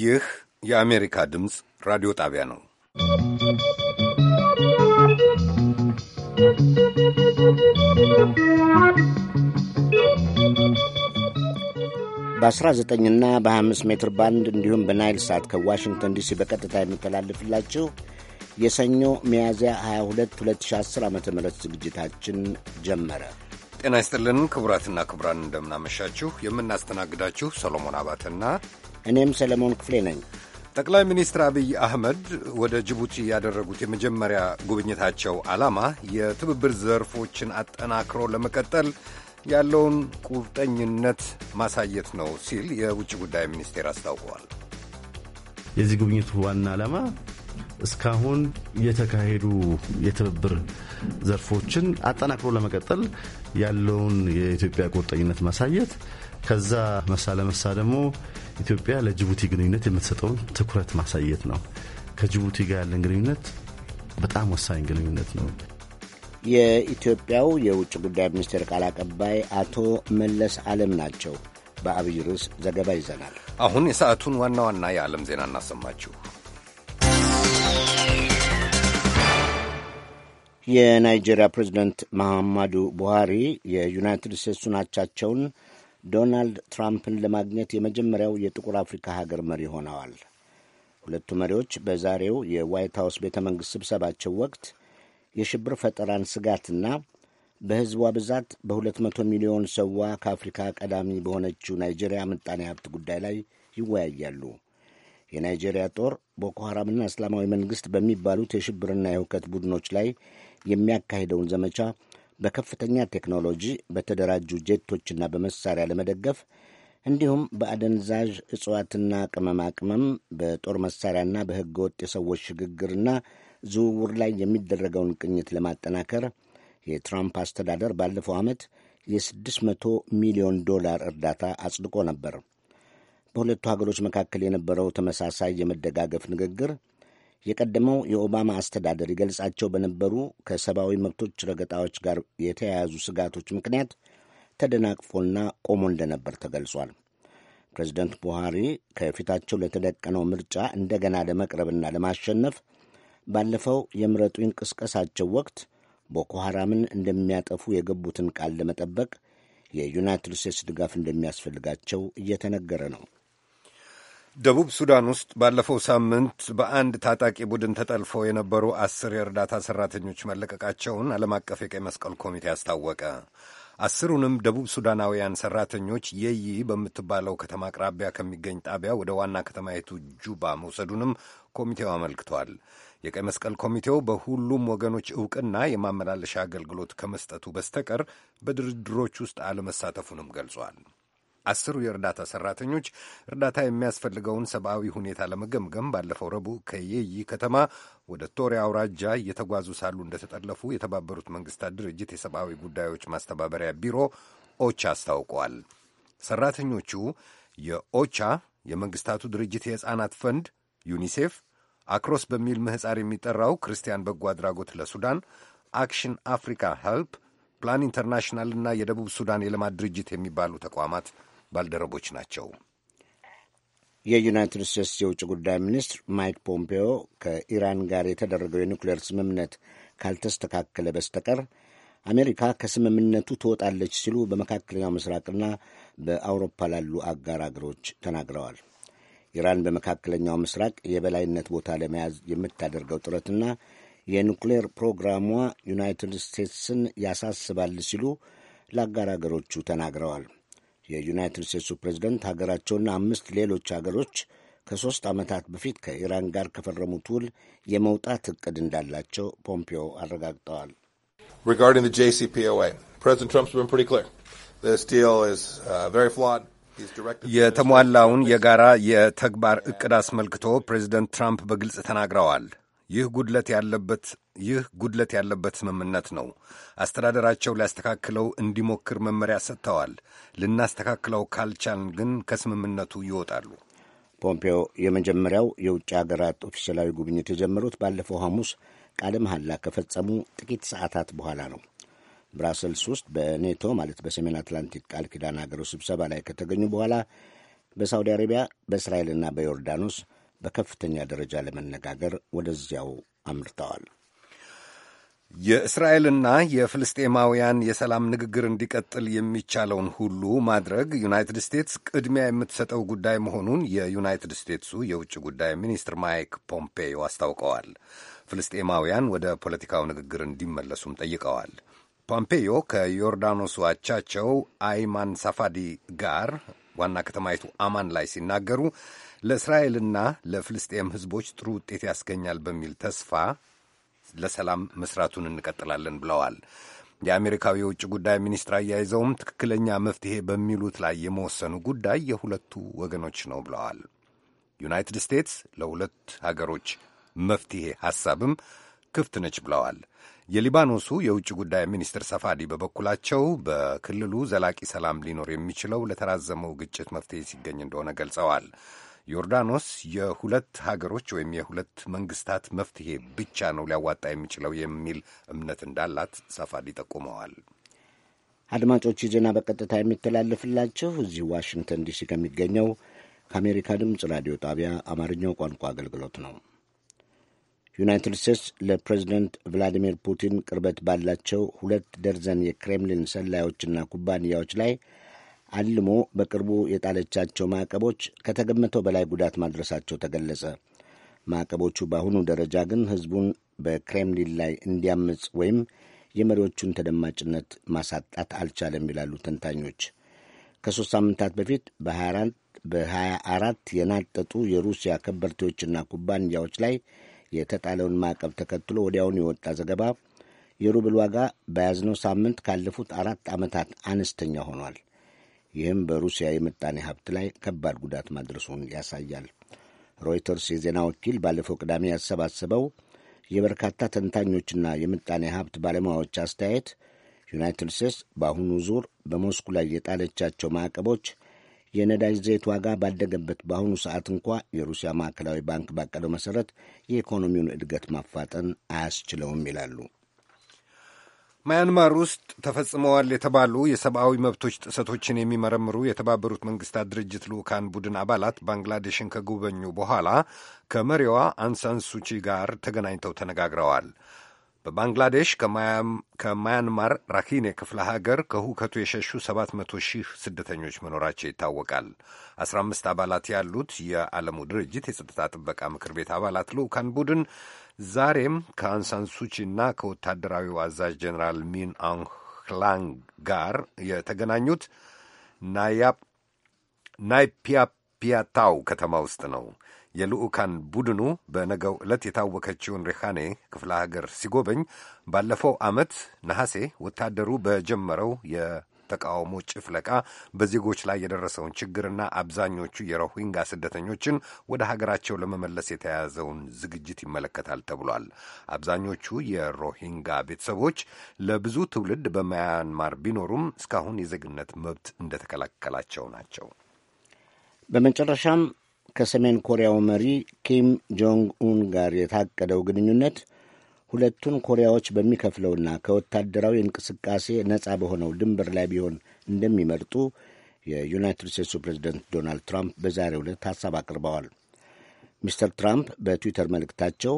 ይህ የአሜሪካ ድምፅ ራዲዮ ጣቢያ ነው። በ19 እና በ25 ሜትር ባንድ እንዲሁም በናይል ሳት ከዋሽንግተን ዲሲ በቀጥታ የሚተላለፍላችሁ የሰኞ ሚያዝያ 22 2010 ዓ ም ዝግጅታችን ጀመረ። ጤና ይስጥልን ክቡራትና ክቡራን፣ እንደምናመሻችሁ። የምናስተናግዳችሁ ሰሎሞን አባተና እኔም ሰለሞን ክፍሌ ነኝ። ጠቅላይ ሚኒስትር አብይ አህመድ ወደ ጅቡቲ ያደረጉት የመጀመሪያ ጉብኝታቸው ዓላማ የትብብር ዘርፎችን አጠናክሮ ለመቀጠል ያለውን ቁርጠኝነት ማሳየት ነው ሲል የውጭ ጉዳይ ሚኒስቴር አስታውቀዋል። የዚህ ጉብኝቱ ዋና ዓላማ እስካሁን የተካሄዱ የትብብር ዘርፎችን አጠናክሮ ለመቀጠል ያለውን የኢትዮጵያ ቁርጠኝነት ማሳየት ከዛ መሳ ለመሳ ደግሞ ኢትዮጵያ ለጅቡቲ ግንኙነት የምትሰጠውን ትኩረት ማሳየት ነው። ከጅቡቲ ጋር ያለን ግንኙነት በጣም ወሳኝ ግንኙነት ነው። የኢትዮጵያው የውጭ ጉዳይ ሚኒስቴር ቃል አቀባይ አቶ መለስ አለም ናቸው። በአብይ ርዕስ ዘገባ ይዘናል። አሁን የሰዓቱን ዋና ዋና የዓለም ዜና እናሰማችሁ። የናይጄሪያ ፕሬዚደንት መሐማዱ ቡሃሪ የዩናይትድ ስቴትሱን አቻቸውን ዶናልድ ትራምፕን ለማግኘት የመጀመሪያው የጥቁር አፍሪካ ሀገር መሪ ሆነዋል። ሁለቱ መሪዎች በዛሬው የዋይት ሀውስ ቤተ መንግሥት ስብሰባቸው ወቅት የሽብር ፈጠራን ስጋትና በሕዝቧ ብዛት በ200 ሚሊዮን ሰዋ ከአፍሪካ ቀዳሚ በሆነችው ናይጄሪያ ምጣኔ ሀብት ጉዳይ ላይ ይወያያሉ። የናይጄሪያ ጦር ቦኮ ሐራምና እስላማዊ መንግሥት በሚባሉት የሽብርና የሁከት ቡድኖች ላይ የሚያካሂደውን ዘመቻ በከፍተኛ ቴክኖሎጂ በተደራጁ ጄቶችና በመሳሪያ ለመደገፍ እንዲሁም በአደንዛዥ እጽዋትና ቅመማ ቅመም በጦር መሳሪያና በሕገ ወጥ የሰዎች ሽግግርና ዝውውር ላይ የሚደረገውን ቅኝት ለማጠናከር የትራምፕ አስተዳደር ባለፈው ዓመት የ600 ሚሊዮን ዶላር እርዳታ አጽድቆ ነበር። በሁለቱ ሀገሮች መካከል የነበረው ተመሳሳይ የመደጋገፍ ንግግር የቀደመው የኦባማ አስተዳደር ይገልጻቸው በነበሩ ከሰብአዊ መብቶች ረገጣዎች ጋር የተያያዙ ስጋቶች ምክንያት ተደናቅፎና ቆሞ እንደነበር ተገልጿል። ፕሬዚደንት ቡሃሪ ከፊታቸው ለተደቀነው ምርጫ እንደገና ለመቅረብና ለማሸነፍ ባለፈው የምረጡ እንቅስቀሳቸው ወቅት ቦኮ ሐራምን እንደሚያጠፉ የገቡትን ቃል ለመጠበቅ የዩናይትድ ስቴትስ ድጋፍ እንደሚያስፈልጋቸው እየተነገረ ነው። ደቡብ ሱዳን ውስጥ ባለፈው ሳምንት በአንድ ታጣቂ ቡድን ተጠልፈው የነበሩ አስር የእርዳታ ሠራተኞች መለቀቃቸውን ዓለም አቀፍ የቀይ መስቀል ኮሚቴ አስታወቀ። አስሩንም ደቡብ ሱዳናውያን ሠራተኞች የይ በምትባለው ከተማ አቅራቢያ ከሚገኝ ጣቢያ ወደ ዋና ከተማይቱ ጁባ መውሰዱንም ኮሚቴው አመልክቷል። የቀይ መስቀል ኮሚቴው በሁሉም ወገኖች እውቅና የማመላለሻ አገልግሎት ከመስጠቱ በስተቀር በድርድሮች ውስጥ አለመሳተፉንም ገልጿል። አስሩ የእርዳታ ሰራተኞች እርዳታ የሚያስፈልገውን ሰብአዊ ሁኔታ ለመገምገም ባለፈው ረቡዕ ከየይ ከተማ ወደ ቶሪ አውራጃ እየተጓዙ ሳሉ እንደተጠለፉ የተባበሩት መንግስታት ድርጅት የሰብአዊ ጉዳዮች ማስተባበሪያ ቢሮ ኦቻ አስታውቀዋል። ሰራተኞቹ የኦቻ የመንግስታቱ ድርጅት የሕፃናት ፈንድ ዩኒሴፍ አክሮስ በሚል ምህፃር የሚጠራው ክርስቲያን በጎ አድራጎት ለሱዳን፣ አክሽን አፍሪካ ሄልፕ፣ ፕላን እና የደቡብ ሱዳን የልማት ድርጅት የሚባሉ ተቋማት ባልደረቦች ናቸው። የዩናይትድ ስቴትስ የውጭ ጉዳይ ሚኒስትር ማይክ ፖምፔዮ ከኢራን ጋር የተደረገው የኒውክሌር ስምምነት ካልተስተካከለ በስተቀር አሜሪካ ከስምምነቱ ትወጣለች ሲሉ በመካከለኛው ምስራቅና በአውሮፓ ላሉ አጋር አገሮች ተናግረዋል። ኢራን በመካከለኛው ምስራቅ የበላይነት ቦታ ለመያዝ የምታደርገው ጥረትና የኒውክሌር ፕሮግራሟ ዩናይትድ ስቴትስን ያሳስባል ሲሉ ለአጋር አገሮቹ ተናግረዋል። የዩናይትድ ስቴትሱ ፕሬዝደንት ሀገራቸውና አምስት ሌሎች ሀገሮች ከሦስት ዓመታት በፊት ከኢራን ጋር ከፈረሙት ውል የመውጣት ዕቅድ እንዳላቸው ፖምፒዮ አረጋግጠዋል። uh, የተሟላውን የጋራ የተግባር ዕቅድ አስመልክቶ ፕሬዝደንት ትራምፕ በግልጽ ተናግረዋል። ይህ ጉድለት ያለበት ይህ ጉድለት ያለበት ስምምነት ነው። አስተዳደራቸው ሊያስተካክለው እንዲሞክር መመሪያ ሰጥተዋል። ልናስተካክለው ካልቻልን ግን ከስምምነቱ ይወጣሉ። ፖምፔዮ የመጀመሪያው የውጭ ሀገራት ኦፊሴላዊ ጉብኝት የጀመሩት ባለፈው ሐሙስ ቃለ መሐላ ከፈጸሙ ጥቂት ሰዓታት በኋላ ነው። ብራሰልስ ውስጥ በኔቶ ማለት በሰሜን አትላንቲክ ቃል ኪዳን ሀገሮች ስብሰባ ላይ ከተገኙ በኋላ በሳውዲ አረቢያ በእስራኤልና በዮርዳኖስ በከፍተኛ ደረጃ ለመነጋገር ወደዚያው አምርተዋል። የእስራኤልና የፍልስጤማውያን የሰላም ንግግር እንዲቀጥል የሚቻለውን ሁሉ ማድረግ ዩናይትድ ስቴትስ ቅድሚያ የምትሰጠው ጉዳይ መሆኑን የዩናይትድ ስቴትሱ የውጭ ጉዳይ ሚኒስትር ማይክ ፖምፔዮ አስታውቀዋል። ፍልስጤማውያን ወደ ፖለቲካው ንግግር እንዲመለሱም ጠይቀዋል። ፖምፔዮ ከዮርዳኖሱ አቻቸው አይማን ሳፋዲ ጋር ዋና ከተማይቱ አማን ላይ ሲናገሩ ለእስራኤልና ለፍልስጤም ህዝቦች ጥሩ ውጤት ያስገኛል በሚል ተስፋ ለሰላም መስራቱን እንቀጥላለን ብለዋል። የአሜሪካዊ የውጭ ጉዳይ ሚኒስትር አያይዘውም ትክክለኛ መፍትሄ በሚሉት ላይ የመወሰኑ ጉዳይ የሁለቱ ወገኖች ነው ብለዋል። ዩናይትድ ስቴትስ ለሁለት ሀገሮች መፍትሄ ሐሳብም ክፍት ነች ብለዋል። የሊባኖሱ የውጭ ጉዳይ ሚኒስትር ሰፋዲ በበኩላቸው በክልሉ ዘላቂ ሰላም ሊኖር የሚችለው ለተራዘመው ግጭት መፍትሄ ሲገኝ እንደሆነ ገልጸዋል። ዮርዳኖስ የሁለት ሀገሮች ወይም የሁለት መንግስታት መፍትሄ ብቻ ነው ሊያዋጣ የሚችለው የሚል እምነት እንዳላት ሳፋዲ ጠቁመዋል። አድማጮች ዜና በቀጥታ የሚተላለፍላችሁ እዚህ ዋሽንግተን ዲሲ ከሚገኘው ከአሜሪካ ድምፅ ራዲዮ ጣቢያ አማርኛው ቋንቋ አገልግሎት ነው። ዩናይትድ ስቴትስ ለፕሬዚደንት ቭላዲሚር ፑቲን ቅርበት ባላቸው ሁለት ደርዘን የክሬምሊን ሰላዮችና ኩባንያዎች ላይ አልሞ በቅርቡ የጣለቻቸው ማዕቀቦች ከተገመተው በላይ ጉዳት ማድረሳቸው ተገለጸ። ማዕቀቦቹ በአሁኑ ደረጃ ግን ሕዝቡን በክሬምሊን ላይ እንዲያምፅ ወይም የመሪዎቹን ተደማጭነት ማሳጣት አልቻለም ይላሉ ተንታኞች። ከሦስት ሳምንታት በፊት በሀያ አራት የናጠጡ የሩሲያ ከበርቴዎችና ኩባንያዎች ላይ የተጣለውን ማዕቀብ ተከትሎ ወዲያውኑ የወጣ ዘገባ የሩብል ዋጋ በያዝነው ሳምንት ካለፉት አራት ዓመታት አነስተኛ ሆኗል። ይህም በሩሲያ የምጣኔ ሀብት ላይ ከባድ ጉዳት ማድረሱን ያሳያል። ሮይተርስ የዜና ወኪል ባለፈው ቅዳሜ ያሰባሰበው የበርካታ ተንታኞችና የምጣኔ ሀብት ባለሙያዎች አስተያየት ዩናይትድ ስቴትስ በአሁኑ ዙር በሞስኩ ላይ የጣለቻቸው ማዕቀቦች የነዳጅ ዘይት ዋጋ ባደገበት በአሁኑ ሰዓት እንኳ የሩሲያ ማዕከላዊ ባንክ ባቀደው መሠረት የኢኮኖሚውን እድገት ማፋጠን አያስችለውም ይላሉ። ማያንማር ውስጥ ተፈጽመዋል የተባሉ የሰብአዊ መብቶች ጥሰቶችን የሚመረምሩ የተባበሩት መንግስታት ድርጅት ልዑካን ቡድን አባላት ባንግላዴሽን ከጎበኙ በኋላ ከመሪዋ አንሳንሱቺ ጋር ተገናኝተው ተነጋግረዋል። በባንግላዴሽ ከማያንማር ራኪኔ ክፍለ ሀገር ከሁከቱ የሸሹ 700 ሺህ ስደተኞች መኖራቸው ይታወቃል። 15 አባላት ያሉት የዓለሙ ድርጅት የጸጥታ ጥበቃ ምክር ቤት አባላት ልዑካን ቡድን ዛሬም ከአንሳን ሱቺና ከወታደራዊው አዛዥ ጀኔራል ሚን አንክላንግ ጋር የተገናኙት ናይፒያፒያታው ከተማ ውስጥ ነው። የልዑካን ቡድኑ በነገው ዕለት የታወከችውን ሪሃኔ ክፍለ ሀገር ሲጎበኝ ባለፈው ዓመት ነሐሴ ወታደሩ በጀመረው የተቃውሞ ጭፍለቃ በዜጎች ላይ የደረሰውን ችግርና አብዛኞቹ የሮሂንጋ ስደተኞችን ወደ ሀገራቸው ለመመለስ የተያያዘውን ዝግጅት ይመለከታል ተብሏል። አብዛኞቹ የሮሂንጋ ቤተሰቦች ለብዙ ትውልድ በማያንማር ቢኖሩም እስካሁን የዜግነት መብት እንደተከላከላቸው ናቸው። በመጨረሻም ከሰሜን ኮሪያው መሪ ኪም ጆንግ ኡን ጋር የታቀደው ግንኙነት ሁለቱን ኮሪያዎች በሚከፍለውና ከወታደራዊ እንቅስቃሴ ነጻ በሆነው ድንበር ላይ ቢሆን እንደሚመርጡ የዩናይትድ ስቴትሱ ፕሬዚደንት ዶናልድ ትራምፕ በዛሬው ዕለት ሐሳብ አቅርበዋል። ሚስተር ትራምፕ በትዊተር መልእክታቸው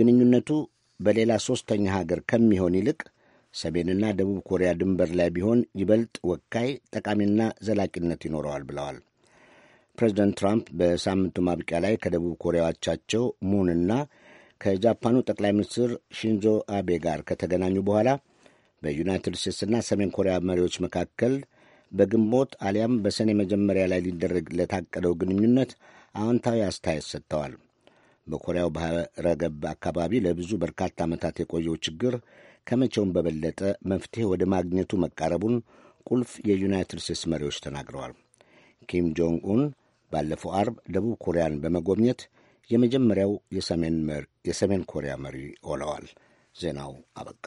ግንኙነቱ በሌላ ሦስተኛ ሀገር ከሚሆን ይልቅ ሰሜንና ደቡብ ኮሪያ ድንበር ላይ ቢሆን ይበልጥ ወካይ፣ ጠቃሚና ዘላቂነት ይኖረዋል ብለዋል። ፕሬዚደንት ትራምፕ በሳምንቱ ማብቂያ ላይ ከደቡብ ኮሪያዎቻቸው እና ከጃፓኑ ጠቅላይ ሚኒስትር ሺንዞ አቤ ጋር ከተገናኙ በኋላ በዩናይትድ ስቴትስና ሰሜን ኮሪያ መሪዎች መካከል በግንቦት አሊያም በሰኔ መጀመሪያ ላይ ሊደረግ ለታቀደው ግንኙነት አዎንታዊ አስተያየት ሰጥተዋል። በኮሪያው ባህረ ገብ አካባቢ ለብዙ በርካታ ዓመታት የቆየው ችግር ከመቼውም በበለጠ መፍትሄ ወደ ማግኘቱ መቃረቡን ቁልፍ የዩናይትድ ስቴትስ መሪዎች ተናግረዋል። ኪም ጆንግ ኡን ባለፈው አርብ ደቡብ ኮሪያን በመጎብኘት የመጀመሪያው የሰሜን ኮሪያ መሪ ሆነዋል። ዜናው አበቃ።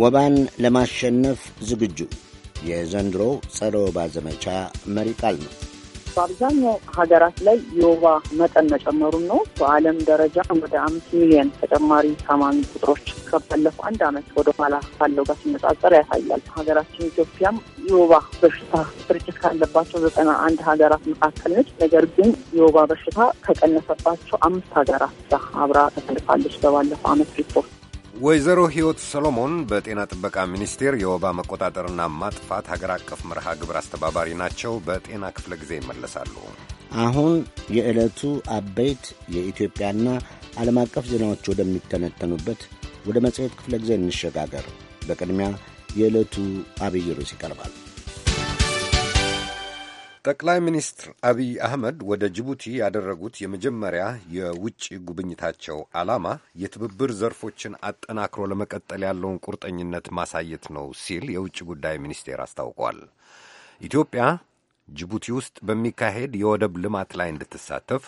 ወባን ለማሸነፍ ዝግጁ የዘንድሮ ጸረ ወባ ዘመቻ መሪ ቃል ነው። በአብዛኛው ሀገራት ላይ የወባ መጠን መጨመሩን ነው። በዓለም ደረጃ ወደ አምስት ሚሊዮን ተጨማሪ ታማሚ ቁጥሮች ከባለፈው አንድ ዓመት ወደኋላ ካለው ጋር ሲነጻጸር ያሳያል። ሀገራችን ኢትዮጵያም የወባ በሽታ ስርጭት ካለባቸው ዘጠና አንድ ሀገራት መካከል ነች። ነገር ግን የወባ በሽታ ከቀነሰባቸው አምስት ሀገራት ጋር አብራ ተሰልፋለች በባለፈው ዓመት ሪፖርት ወይዘሮ ሕይወት ሰሎሞን በጤና ጥበቃ ሚኒስቴር የወባ መቆጣጠርና ማጥፋት ሀገር አቀፍ መርሃ ግብር አስተባባሪ ናቸው። በጤና ክፍለ ጊዜ ይመለሳሉ። አሁን የዕለቱ አበይት የኢትዮጵያና ዓለም አቀፍ ዜናዎች ወደሚተነተኑበት ወደ መጽሔት ክፍለ ጊዜ እንሸጋገር። በቅድሚያ የዕለቱ አብይ ርዕስ ይቀርባል። ጠቅላይ ሚኒስትር አቢይ አህመድ ወደ ጅቡቲ ያደረጉት የመጀመሪያ የውጭ ጉብኝታቸው ዓላማ የትብብር ዘርፎችን አጠናክሮ ለመቀጠል ያለውን ቁርጠኝነት ማሳየት ነው ሲል የውጭ ጉዳይ ሚኒስቴር አስታውቋል። ኢትዮጵያ ጅቡቲ ውስጥ በሚካሄድ የወደብ ልማት ላይ እንድትሳተፍ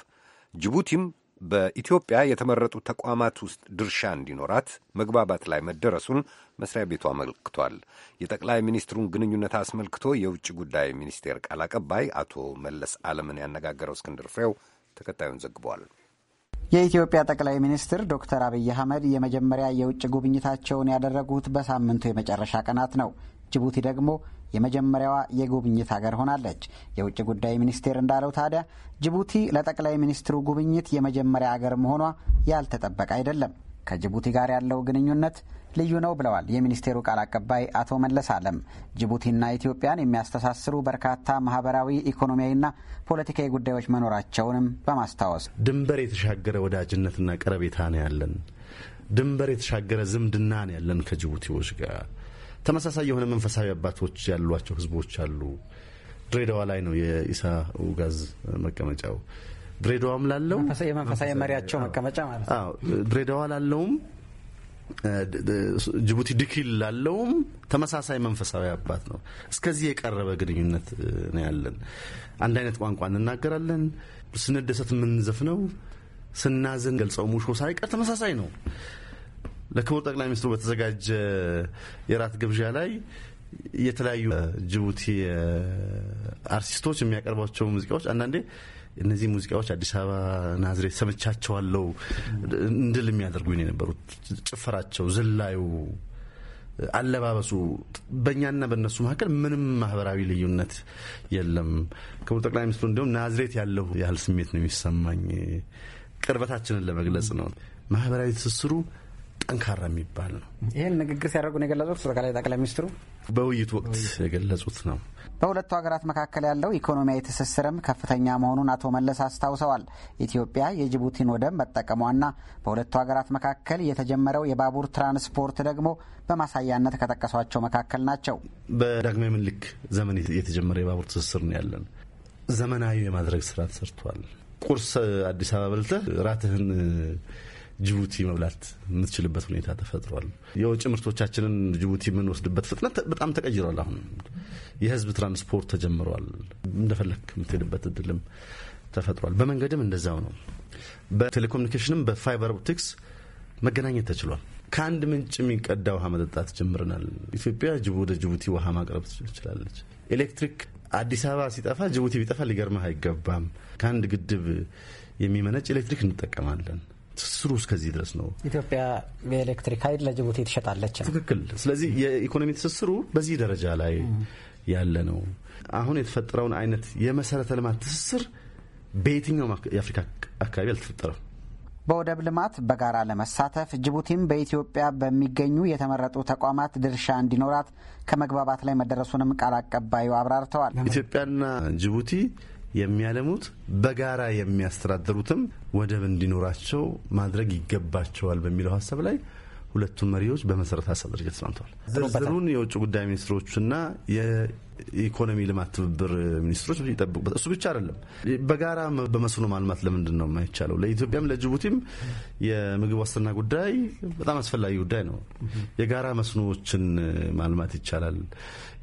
ጅቡቲም በኢትዮጵያ የተመረጡ ተቋማት ውስጥ ድርሻ እንዲኖራት መግባባት ላይ መደረሱን መስሪያ ቤቱ አመልክቷል። የጠቅላይ ሚኒስትሩን ግንኙነት አስመልክቶ የውጭ ጉዳይ ሚኒስቴር ቃል አቀባይ አቶ መለስ አለምን ያነጋገረው እስክንድር ፍሬው ተከታዩን ዘግቧል። የኢትዮጵያ ጠቅላይ ሚኒስትር ዶክተር አብይ አህመድ የመጀመሪያ የውጭ ጉብኝታቸውን ያደረጉት በሳምንቱ የመጨረሻ ቀናት ነው። ጅቡቲ ደግሞ የመጀመሪያዋ የጉብኝት ሀገር ሆናለች። የውጭ ጉዳይ ሚኒስቴር እንዳለው ታዲያ ጅቡቲ ለጠቅላይ ሚኒስትሩ ጉብኝት የመጀመሪያ አገር መሆኗ ያልተጠበቀ አይደለም። ከጅቡቲ ጋር ያለው ግንኙነት ልዩ ነው ብለዋል የሚኒስቴሩ ቃል አቀባይ አቶ መለስ አለም። ጅቡቲና ኢትዮጵያን የሚያስተሳስሩ በርካታ ማህበራዊ፣ ኢኮኖሚያዊና ፖለቲካዊ ጉዳዮች መኖራቸውንም በማስታወስ ድንበር የተሻገረ ወዳጅነትና ቀረቤታ ነው ያለን፣ ድንበር የተሻገረ ዝምድና ነው ያለን ከጅቡቲዎች ጋር ተመሳሳይ የሆነ መንፈሳዊ አባቶች ያሏቸው ህዝቦች አሉ። ድሬዳዋ ላይ ነው የኢሳ ኡጋዝ መቀመጫው። ድሬዳዋም ላለው የመንፈሳዊ መሪያቸው መቀመጫ ማለት ነው። ድሬዳዋ ላለውም ጅቡቲ ድኪል ላለውም ተመሳሳይ መንፈሳዊ አባት ነው። እስከዚህ የቀረበ ግንኙነት ነው ያለን። አንድ አይነት ቋንቋ እንናገራለን። ስንደሰት የምንዘፍነው ስናዝን ገልጸው ሙሾ ሳይቀር ተመሳሳይ ነው። ለክቡር ጠቅላይ ሚኒስትሩ በተዘጋጀ የራት ግብዣ ላይ የተለያዩ ጅቡቲ አርቲስቶች የሚያቀርቧቸው ሙዚቃዎች አንዳንዴ እነዚህ ሙዚቃዎች አዲስ አበባ ናዝሬት ሰምቻቸዋለው እንድል የሚያደርጉኝ የነበሩት ጭፈራቸው፣ ዝላዩ፣ አለባበሱ በእኛና በእነሱ መካከል ምንም ማህበራዊ ልዩነት የለም። ክቡር ጠቅላይ ሚኒስትሩ እንዲሁም ናዝሬት ያለሁ ያህል ስሜት ነው የሚሰማኝ። ቅርበታችንን ለመግለጽ ነው ማህበራዊ ትስስሩ ጠንካራ የሚባል ነው። ይህን ንግግር ሲያደርጉ ነው የገለጹት ጠቅላይ ጠቅላይ ሚኒስትሩ በውይይቱ ወቅት የገለጹት ነው። በሁለቱ ሀገራት መካከል ያለው ኢኮኖሚያዊ ትስስርም ከፍተኛ መሆኑን አቶ መለስ አስታውሰዋል። ኢትዮጵያ የጅቡቲን ወደብ መጠቀሟና በሁለቱ ሀገራት መካከል የተጀመረው የባቡር ትራንስፖርት ደግሞ በማሳያነት ከጠቀሷቸው መካከል ናቸው። በዳግማዊ ምኒልክ ዘመን የተጀመረ የባቡር ትስስር ነው ያለን። ዘመናዊ የማድረግ ስራ ተሰርቷል። ቁርስ አዲስ አበባ በልተህ ራትህን ጅቡቲ መብላት የምትችልበት ሁኔታ ተፈጥሯል። የውጭ ምርቶቻችንን ጅቡቲ የምንወስድበት ፍጥነት በጣም ተቀይሯል። አሁን የህዝብ ትራንስፖርት ተጀምሯል። እንደፈለክ የምትሄድበት እድልም ተፈጥሯል። በመንገድም እንደዛው ነው። በቴሌኮሙኒኬሽንም በፋይበር ኦፕቲክስ መገናኘት ተችሏል። ከአንድ ምንጭ የሚቀዳ ውሃ መጠጣት ጀምረናል። ኢትዮጵያ ወደ ጅቡቲ ውሃ ማቅረብ ትችላለች። ኤሌክትሪክ አዲስ አበባ ሲጠፋ ጅቡቲ ቢጠፋ ሊገርመህ አይገባም። ከአንድ ግድብ የሚመነጭ ኤሌክትሪክ እንጠቀማለን። ትስስሩ እስከዚህ ድረስ ነው። ኢትዮጵያ የኤሌክትሪክ ኃይል ለጅቡቲ ትሸጣለች። ትክክል። ስለዚህ የኢኮኖሚ ትስስሩ በዚህ ደረጃ ላይ ያለ ነው። አሁን የተፈጠረውን አይነት የመሰረተ ልማት ትስስር በየትኛውም የአፍሪካ አካባቢ አልተፈጠረም። በወደብ ልማት በጋራ ለመሳተፍ ጅቡቲም በኢትዮጵያ በሚገኙ የተመረጡ ተቋማት ድርሻ እንዲኖራት ከመግባባት ላይ መደረሱንም ቃል አቀባዩ አብራርተዋል። ኢትዮጵያና ጅቡቲ የሚያለሙት በጋራ የሚያስተዳድሩትም ወደብ እንዲኖራቸው ማድረግ ይገባቸዋል በሚለው ሀሳብ ላይ ሁለቱም መሪዎች በመሰረት ሀሳብ ደረጃ ተስማምተዋል። ዝርዝሩን የውጭ ጉዳይ ሚኒስትሮችና የኢኮኖሚ ልማት ትብብር ሚኒስትሮች ይጠብቁበት። እሱ ብቻ አይደለም፣ በጋራ በመስኖ ማልማት ለምንድን ነው የማይቻለው? ለኢትዮጵያም ለጅቡቲም የምግብ ዋስትና ጉዳይ በጣም አስፈላጊ ጉዳይ ነው። የጋራ መስኖዎችን ማልማት ይቻላል።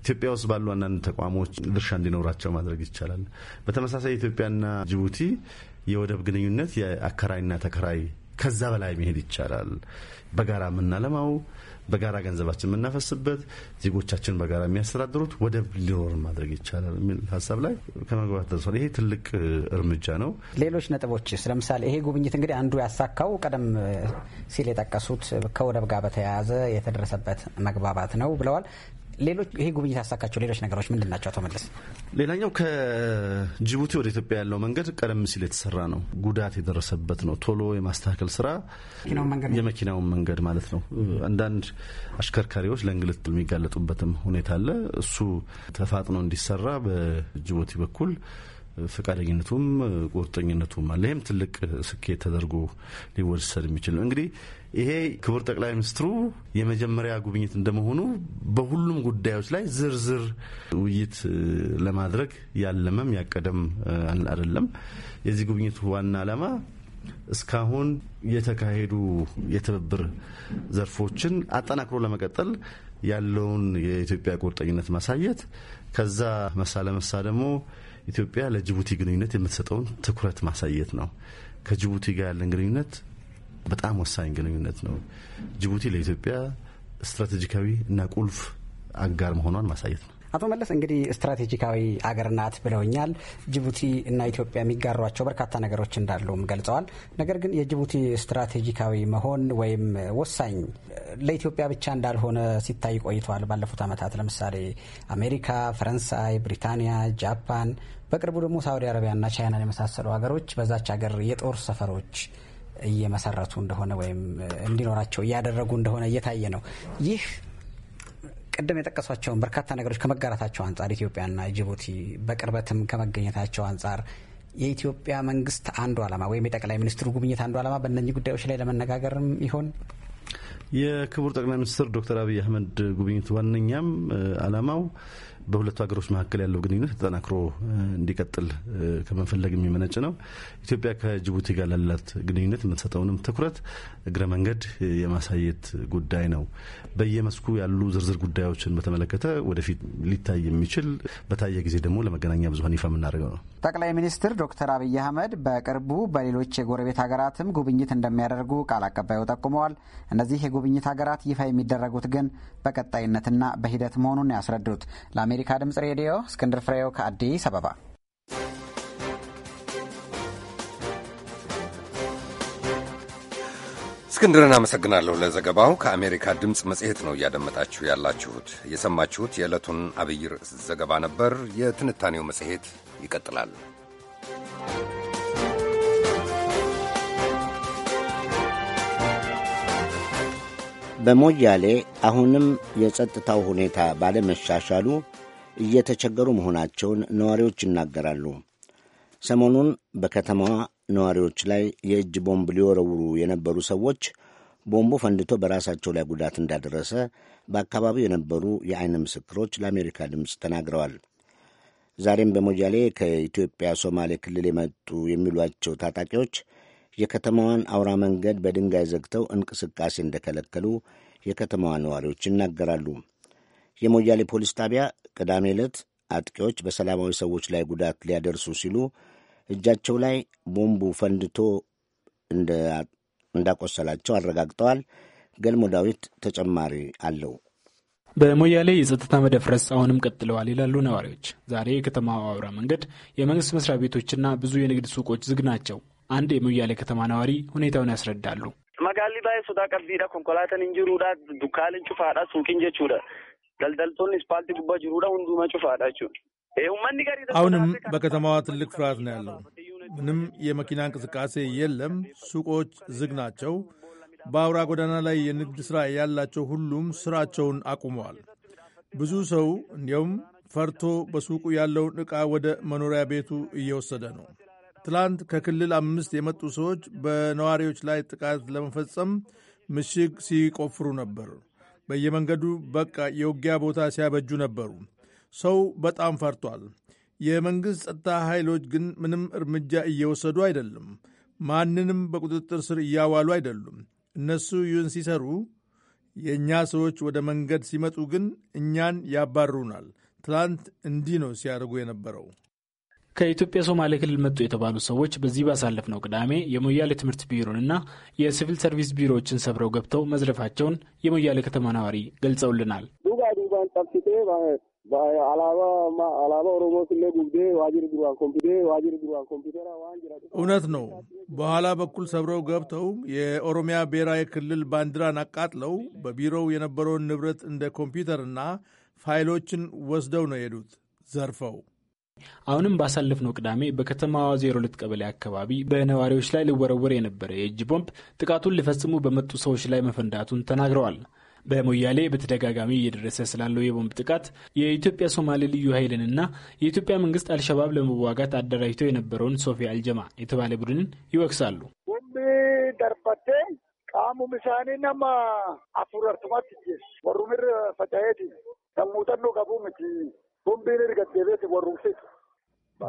ኢትዮጵያ ውስጥ ባሉ አንዳንድ ተቋሞች ድርሻ እንዲኖራቸው ማድረግ ይቻላል። በተመሳሳይ ኢትዮጵያና ጅቡቲ የወደብ ግንኙነት የአከራይና ተከራይ ከዛ በላይ መሄድ ይቻላል። በጋራ የምናለማው በጋራ ገንዘባችን የምናፈስበት ዜጎቻችን በጋራ የሚያስተዳድሩት ወደብ ሊኖር ማድረግ ይቻላል የሚል ሀሳብ ላይ ከመግባት ደርሷል። ይሄ ትልቅ እርምጃ ነው። ሌሎች ነጥቦች ለምሳሌ ይሄ ጉብኝት እንግዲህ አንዱ ያሳካው ቀደም ሲል የጠቀሱት ከወደብ ጋር በተያያዘ የተደረሰበት መግባባት ነው ብለዋል። ሌሎች ይሄ ጉብኝት ያሳካቸው ሌሎች ነገሮች ምንድን ናቸው? አቶ መለስ፣ ሌላኛው ከጅቡቲ ወደ ኢትዮጵያ ያለው መንገድ ቀደም ሲል የተሰራ ነው፣ ጉዳት የደረሰበት ነው። ቶሎ የማስተካከል ስራ የመኪናውን መንገድ ማለት ነው። አንዳንድ አሽከርካሪዎች ለእንግልት የሚጋለጡበትም ሁኔታ አለ። እሱ ተፋጥኖ እንዲሰራ በጅቡቲ በኩል ፈቃደኝነቱም ቁርጠኝነቱም አለ። ይህም ትልቅ ስኬት ተደርጎ ሊወሰድ የሚችል ነው። እንግዲህ ይሄ ክቡር ጠቅላይ ሚኒስትሩ የመጀመሪያ ጉብኝት እንደመሆኑ በሁሉም ጉዳዮች ላይ ዝርዝር ውይይት ለማድረግ ያለመም ያቀደም አይደለም። የዚህ ጉብኝቱ ዋና ዓላማ እስካሁን የተካሄዱ የትብብር ዘርፎችን አጠናክሮ ለመቀጠል ያለውን የኢትዮጵያ ቁርጠኝነት ማሳየት ከዛ መሳ ለመሳ ደግሞ ኢትዮጵያ ለጅቡቲ ግንኙነት የምትሰጠውን ትኩረት ማሳየት ነው። ከጅቡቲ ጋር ያለን ግንኙነት በጣም ወሳኝ ግንኙነት ነው። ጅቡቲ ለኢትዮጵያ ስትራቴጂካዊ እና ቁልፍ አጋር መሆኗን ማሳየት ነው። አቶ መለስ እንግዲህ ስትራቴጂካዊ አገር ናት ብለውኛል። ጅቡቲ እና ኢትዮጵያ የሚጋሯቸው በርካታ ነገሮች እንዳሉም ገልጸዋል። ነገር ግን የጅቡቲ ስትራቴጂካዊ መሆን ወይም ወሳኝ ለኢትዮጵያ ብቻ እንዳልሆነ ሲታይ ቆይተዋል። ባለፉት ዓመታት ለምሳሌ አሜሪካ፣ ፈረንሳይ፣ ብሪታንያ፣ ጃፓን፣ በቅርቡ ደግሞ አረቢያ አረቢያና ቻይናን የመሳሰሉ ሀገሮች በዛች ሀገር የጦር ሰፈሮች እየመሰረቱ እንደሆነ ወይም እንዲኖራቸው እያደረጉ እንደሆነ እየታየ ነው ይህ ቅድም የጠቀሷቸውን በርካታ ነገሮች ከመጋራታቸው አንጻር ኢትዮጵያና ጅቡቲ በቅርበትም ከመገኘታቸው አንጻር የኢትዮጵያ መንግስት አንዱ ዓላማ ወይም የጠቅላይ ሚኒስትሩ ጉብኝት አንዱ ዓላማ በእነኚህ ጉዳዮች ላይ ለመነጋገርም ይሆን? የክቡር ጠቅላይ ሚኒስትር ዶክተር አብይ አህመድ ጉብኝት ዋነኛም ዓላማው በሁለቱ ሀገሮች መካከል ያለው ግንኙነት ተጠናክሮ እንዲቀጥል ከመፈለግ የሚመነጭ ነው። ኢትዮጵያ ከጅቡቲ ጋር ላላት ግንኙነት የምትሰጠውንም ትኩረት እግረ መንገድ የማሳየት ጉዳይ ነው። በየመስኩ ያሉ ዝርዝር ጉዳዮችን በተመለከተ ወደፊት ሊታይ የሚችል በታየ ጊዜ ደግሞ ለመገናኛ ብዙኃን ይፋ የምናደርገው ነው። ጠቅላይ ሚኒስትር ዶክተር አብይ አህመድ በቅርቡ በሌሎች የጎረቤት ሀገራትም ጉብኝት እንደሚያደርጉ ቃል አቀባዩ ጠቁመዋል። እነዚህ የጉብኝት ሀገራት ይፋ የሚደረጉት ግን በቀጣይነትና በሂደት መሆኑን ያስረዱት ለአሜሪካ ድምፅ ሬዲዮ እስክንድር ፍሬው ከአዲስ አበባ። እስክንድርን አመሰግናለሁ ለዘገባው። ከአሜሪካ ድምፅ መጽሔት ነው እያደመጣችሁ ያላችሁት። የሰማችሁት የዕለቱን አብይ ርዕስ ዘገባ ነበር። የትንታኔው መጽሔት ይቀጥላል። በሞያሌ አሁንም የጸጥታው ሁኔታ ባለመሻሻሉ እየተቸገሩ መሆናቸውን ነዋሪዎች ይናገራሉ። ሰሞኑን በከተማዋ ነዋሪዎች ላይ የእጅ ቦምብ ሊወረውሩ የነበሩ ሰዎች ቦምቡ ፈንድቶ በራሳቸው ላይ ጉዳት እንዳደረሰ በአካባቢው የነበሩ የዓይን ምስክሮች ለአሜሪካ ድምፅ ተናግረዋል። ዛሬም በሞጃሌ ከኢትዮጵያ ሶማሌ ክልል የመጡ የሚሏቸው ታጣቂዎች የከተማዋን አውራ መንገድ በድንጋይ ዘግተው እንቅስቃሴ እንደከለከሉ የከተማዋ ነዋሪዎች ይናገራሉ። የሞያሌ ፖሊስ ጣቢያ ቅዳሜ ዕለት አጥቂዎች በሰላማዊ ሰዎች ላይ ጉዳት ሊያደርሱ ሲሉ እጃቸው ላይ ቦምቡ ፈንድቶ እንዳቆሰላቸው አረጋግጠዋል። ገልሞ ዳዊት ተጨማሪ አለው። በሞያሌ የጸጥታ መደፍረስ አሁንም ቀጥለዋል ይላሉ ነዋሪዎች። ዛሬ የከተማው አውራ መንገድ፣ የመንግስት መስሪያ ቤቶችና ብዙ የንግድ ሱቆች ዝግ ናቸው። አንድ የሞያሌ ከተማ ነዋሪ ሁኔታውን ያስረዳሉ። መጋሊ ባይ ሱዳ ቀቢዳ ኮንኮላተን እንጅሩዳ ዱካልን ጩፋዳ ሱቅን ጀቹዳ ገልገልቶን ስፓልቲ ጉባ ጅሩዳ ሁንዱ መጩፋዳ አሁንም በከተማዋ ትልቅ ፍርሃት ነው ያለው። ምንም የመኪና እንቅስቃሴ የለም። ሱቆች ዝግ ናቸው። በአውራ ጎዳና ላይ የንግድ ሥራ ያላቸው ሁሉም ሥራቸውን አቁመዋል። ብዙ ሰው እንዲያውም ፈርቶ በሱቁ ያለውን ዕቃ ወደ መኖሪያ ቤቱ እየወሰደ ነው። ትላንት ከክልል አምስት የመጡ ሰዎች በነዋሪዎች ላይ ጥቃት ለመፈጸም ምሽግ ሲቆፍሩ ነበር። በየመንገዱ በቃ የውጊያ ቦታ ሲያበጁ ነበሩ። ሰው በጣም ፈርቷል። የመንግሥት ጸጥታ ኃይሎች ግን ምንም እርምጃ እየወሰዱ አይደለም። ማንንም በቁጥጥር ስር እያዋሉ አይደሉም። እነሱ ይህን ሲሰሩ የእኛ ሰዎች ወደ መንገድ ሲመጡ ግን እኛን ያባሩናል። ትላንት እንዲህ ነው ሲያደርጉ የነበረው። ከኢትዮጵያ ሶማሌ ክልል መጡ የተባሉ ሰዎች በዚህ ባሳለፍነው ቅዳሜ የሞያሌ ትምህርት ቢሮንና የሲቪል ሰርቪስ ቢሮዎችን ሰብረው ገብተው መዝረፋቸውን የሞያሌ ከተማ ነዋሪ ገልጸውልናል። እውነት ነው። በኋላ በኩል ሰብረው ገብተው የኦሮሚያ ብሔራዊ ክልል ባንዲራን አቃጥለው በቢሮው የነበረውን ንብረት እንደ ኮምፒውተርና ፋይሎችን ወስደው ነው የሄዱት ዘርፈው አሁንም ባሳለፍነው ቅዳሜ በከተማዋ 02 ቀበሌ አካባቢ በነዋሪዎች ላይ ሊወረወር የነበረ የእጅ ቦምብ ጥቃቱን ሊፈጽሙ በመጡ ሰዎች ላይ መፈንዳቱን ተናግረዋል። በሞያሌ በተደጋጋሚ እየደረሰ ስላለው የቦምብ ጥቃት የኢትዮጵያ ሶማሌ ልዩ ኃይልንና የኢትዮጵያ መንግስት አልሸባብ ለመዋጋት አደራጅተው የነበረውን ሶፊ አልጀማ የተባለ ቡድንን ይወቅሳሉ።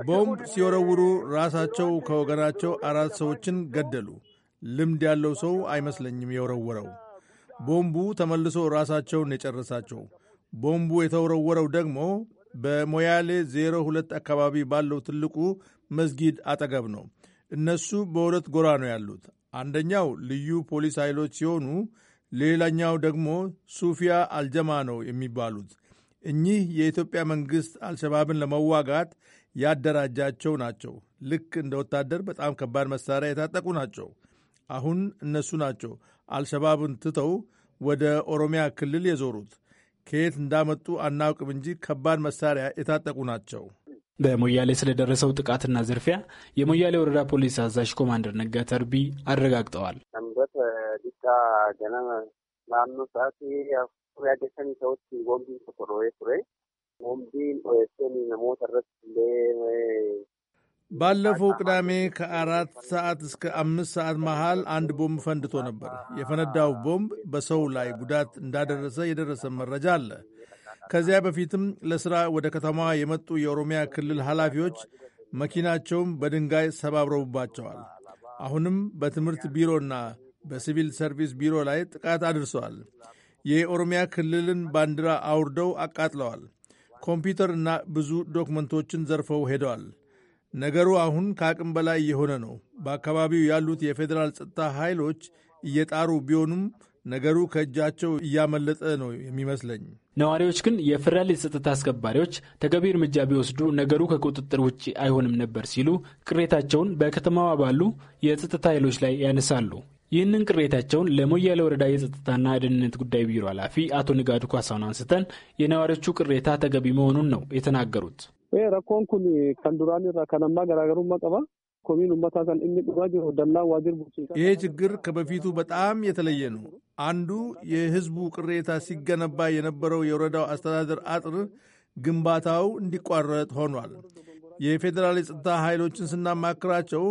ቦምብ ሲወረውሩ ራሳቸው ከወገናቸው አራት ሰዎችን ገደሉ። ልምድ ያለው ሰው አይመስለኝም የወረወረው። ቦምቡ ተመልሶ ራሳቸውን የጨረሳቸው። ቦምቡ የተወረወረው ደግሞ በሞያሌ 02 አካባቢ ባለው ትልቁ መስጊድ አጠገብ ነው። እነሱ በሁለት ጎራ ነው ያሉት። አንደኛው ልዩ ፖሊስ ኃይሎች ሲሆኑ ሌላኛው ደግሞ ሱፊያ አልጀማ ነው የሚባሉት። እኚህ የኢትዮጵያ መንግሥት አልሸባብን ለመዋጋት ያደራጃቸው ናቸው። ልክ እንደ ወታደር በጣም ከባድ መሳሪያ የታጠቁ ናቸው። አሁን እነሱ ናቸው አልሸባብን ትተው ወደ ኦሮሚያ ክልል የዞሩት። ከየት እንዳመጡ አናውቅም እንጂ ከባድ መሳሪያ የታጠቁ ናቸው። በሞያሌ ስለደረሰው ጥቃትና ዝርፊያ የሞያሌ ወረዳ ፖሊስ አዛዥ ኮማንደር ነጋ ተርቢ አረጋግጠዋል። ባለፈው ቅዳሜ ከአራት ሰዓት እስከ አምስት ሰዓት መሃል አንድ ቦምብ ፈንድቶ ነበር። የፈነዳው ቦምብ በሰው ላይ ጉዳት እንዳደረሰ የደረሰ መረጃ አለ። ከዚያ በፊትም ለሥራ ወደ ከተማዋ የመጡ የኦሮሚያ ክልል ኃላፊዎች መኪናቸውም በድንጋይ ሰባብረውባቸዋል። አሁንም በትምህርት ቢሮና በሲቪል ሰርቪስ ቢሮ ላይ ጥቃት አድርሰዋል። የኦሮሚያ ክልልን ባንዲራ አውርደው አቃጥለዋል። ኮምፒውተር እና ብዙ ዶክመንቶችን ዘርፈው ሄደዋል። ነገሩ አሁን ከአቅም በላይ የሆነ ነው። በአካባቢው ያሉት የፌዴራል ጸጥታ ኃይሎች እየጣሩ ቢሆኑም ነገሩ ከእጃቸው እያመለጠ ነው የሚመስለኝ። ነዋሪዎች ግን የፌዴራል የጸጥታ አስከባሪዎች ተገቢ እርምጃ ቢወስዱ ነገሩ ከቁጥጥር ውጭ አይሆንም ነበር ሲሉ ቅሬታቸውን በከተማዋ ባሉ የጸጥታ ኃይሎች ላይ ያነሳሉ። ይህንን ቅሬታቸውን ለሞያሌ ወረዳ የጸጥታና የደህንነት ጉዳይ ቢሮ ኃላፊ አቶ ንጋዱ ኳሳውን አንስተን የነዋሪዎቹ ቅሬታ ተገቢ መሆኑን ነው የተናገሩት። ረኮን ኩን ከንዱራን ራ ከነማ ገራገሩ መቀባ ኮሚን መታ ከን ደላ ዋጅር ይሄ ችግር ከበፊቱ በጣም የተለየ ነው። አንዱ የህዝቡ ቅሬታ ሲገነባ የነበረው የወረዳው አስተዳደር አጥር ግንባታው እንዲቋረጥ ሆኗል። የፌዴራል የጸጥታ ኃይሎችን ስናማክራቸው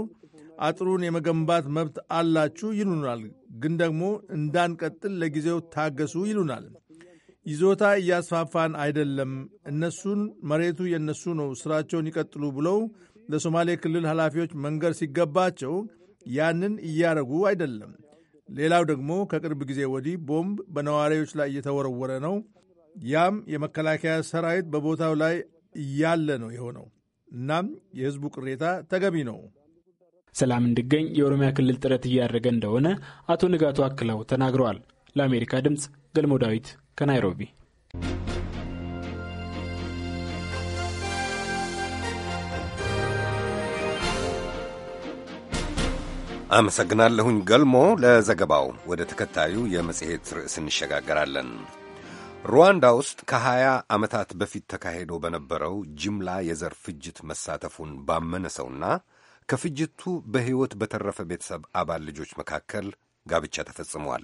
አጥሩን የመገንባት መብት አላችሁ ይሉናል። ግን ደግሞ እንዳንቀጥል ለጊዜው ታገሱ ይሉናል። ይዞታ እያስፋፋን አይደለም፣ እነሱን መሬቱ የእነሱ ነው፣ ስራቸውን ይቀጥሉ ብለው ለሶማሌ ክልል ኃላፊዎች መንገር ሲገባቸው ያንን እያረጉ አይደለም። ሌላው ደግሞ ከቅርብ ጊዜ ወዲህ ቦምብ በነዋሪዎች ላይ እየተወረወረ ነው። ያም የመከላከያ ሰራዊት በቦታው ላይ እያለ ነው የሆነው። እናም የሕዝቡ ቅሬታ ተገቢ ነው። ሰላም እንዲገኝ የኦሮሚያ ክልል ጥረት እያደረገ እንደሆነ አቶ ንጋቱ አክለው ተናግረዋል። ለአሜሪካ ድምፅ ገልሞ ዳዊት ከናይሮቢ። አመሰግናለሁኝ ገልሞ ለዘገባው። ወደ ተከታዩ የመጽሔት ርዕስ እንሸጋገራለን። ሩዋንዳ ውስጥ ከሀያ ዓመታት በፊት ተካሂዶ በነበረው ጅምላ የዘር ፍጅት መሳተፉን ባመነ ሰውና ከፍጅቱ በሕይወት በተረፈ ቤተሰብ አባል ልጆች መካከል ጋብቻ ተፈጽሟል።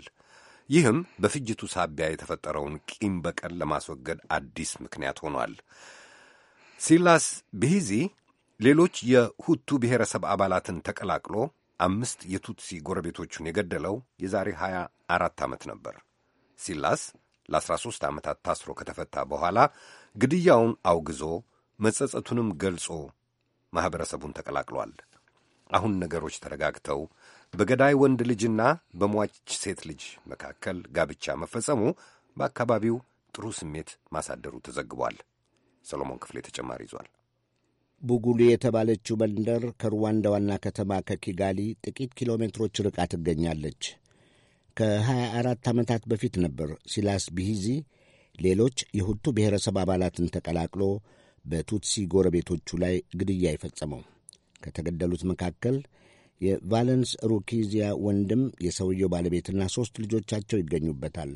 ይህም በፍጅቱ ሳቢያ የተፈጠረውን ቂም በቀል ለማስወገድ አዲስ ምክንያት ሆኗል። ሲላስ ብሂዚ ሌሎች የሁቱ ብሔረሰብ አባላትን ተቀላቅሎ አምስት የቱትሲ ጎረቤቶቹን የገደለው የዛሬ 24 ዓመት ነበር። ሲላስ ለ13 ዓመታት ታስሮ ከተፈታ በኋላ ግድያውን አውግዞ መጸጸቱንም ገልጾ ማኅበረሰቡን ተቀላቅሏል። አሁን ነገሮች ተረጋግተው በገዳይ ወንድ ልጅና በሟች ሴት ልጅ መካከል ጋብቻ መፈጸሙ በአካባቢው ጥሩ ስሜት ማሳደሩ ተዘግቧል። ሰሎሞን ክፍሌ ተጨማሪ ይዟል። ቡጉሉ የተባለችው መንደር ከሩዋንዳ ዋና ከተማ ከኪጋሊ ጥቂት ኪሎ ሜትሮች ርቃ ትገኛለች። ከ24 ዓመታት በፊት ነበር ሲላስ ቢሂዚ ሌሎች የሁቱ ብሔረሰብ አባላትን ተቀላቅሎ በቱትሲ ጎረቤቶቹ ላይ ግድያ የፈጸመው። ከተገደሉት መካከል የቫለንስ ሩኪዚያ ወንድም የሰውየው ባለቤትና ሦስት ልጆቻቸው ይገኙበታል።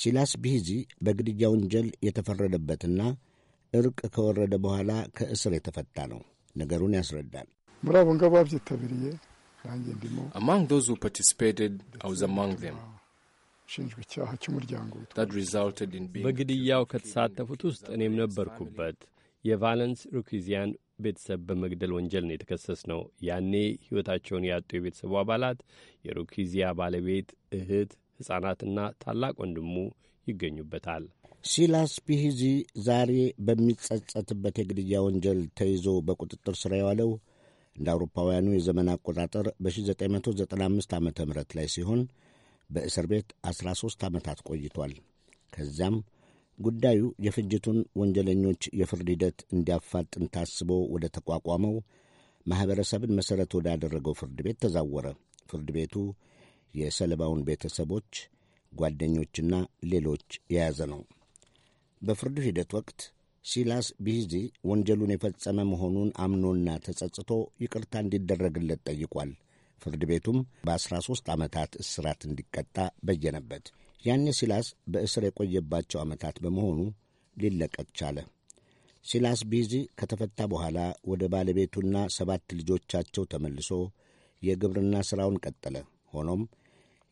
ሲላስ ቢሂዚ በግድያ ወንጀል የተፈረደበትና እርቅ ከወረደ በኋላ ከእስር የተፈታ ነው። ነገሩን ያስረዳል። Among those who participated, I was among them. That resulted in being በግድያው ከተሳተፉት ውስጥ እኔም ነበርኩበት። የቫለንስ ሩኪዚያን ቤተሰብ በመግደል ወንጀል ነው የተከሰስ ነው። ያኔ ሕይወታቸውን ያጡ የቤተሰቡ አባላት የሩኪዚያ ባለቤት፣ እህት፣ ሕፃናትና ታላቅ ወንድሙ ይገኙበታል። ሲላስ ፒሂዚ ዛሬ በሚጸጸትበት የግድያ ወንጀል ተይዞ በቁጥጥር ስር የዋለው እንደ አውሮፓውያኑ የዘመን አቆጣጠር በ1995 ዓ ም ላይ ሲሆን በእስር ቤት 13 ዓመታት ቆይቷል። ከዚያም ጉዳዩ የፍጅቱን ወንጀለኞች የፍርድ ሂደት እንዲያፋጥን ታስቦ ወደ ተቋቋመው ማኅበረሰብን መሠረት ወዳደረገው ፍርድ ቤት ተዛወረ። ፍርድ ቤቱ የሰለባውን ቤተሰቦች፣ ጓደኞችና ሌሎች የያዘ ነው። በፍርድ ሂደት ወቅት ሲላስ ቢዚ ወንጀሉን የፈጸመ መሆኑን አምኖና ተጸጽቶ ይቅርታ እንዲደረግለት ጠይቋል። ፍርድ ቤቱም በ13 ዓመታት እስራት እንዲቀጣ በየነበት። ያኔ ሲላስ በእስር የቆየባቸው ዓመታት በመሆኑ ሊለቀቅ ቻለ። ሲላስ ቢዚ ከተፈታ በኋላ ወደ ባለቤቱና ሰባት ልጆቻቸው ተመልሶ የግብርና ሥራውን ቀጠለ። ሆኖም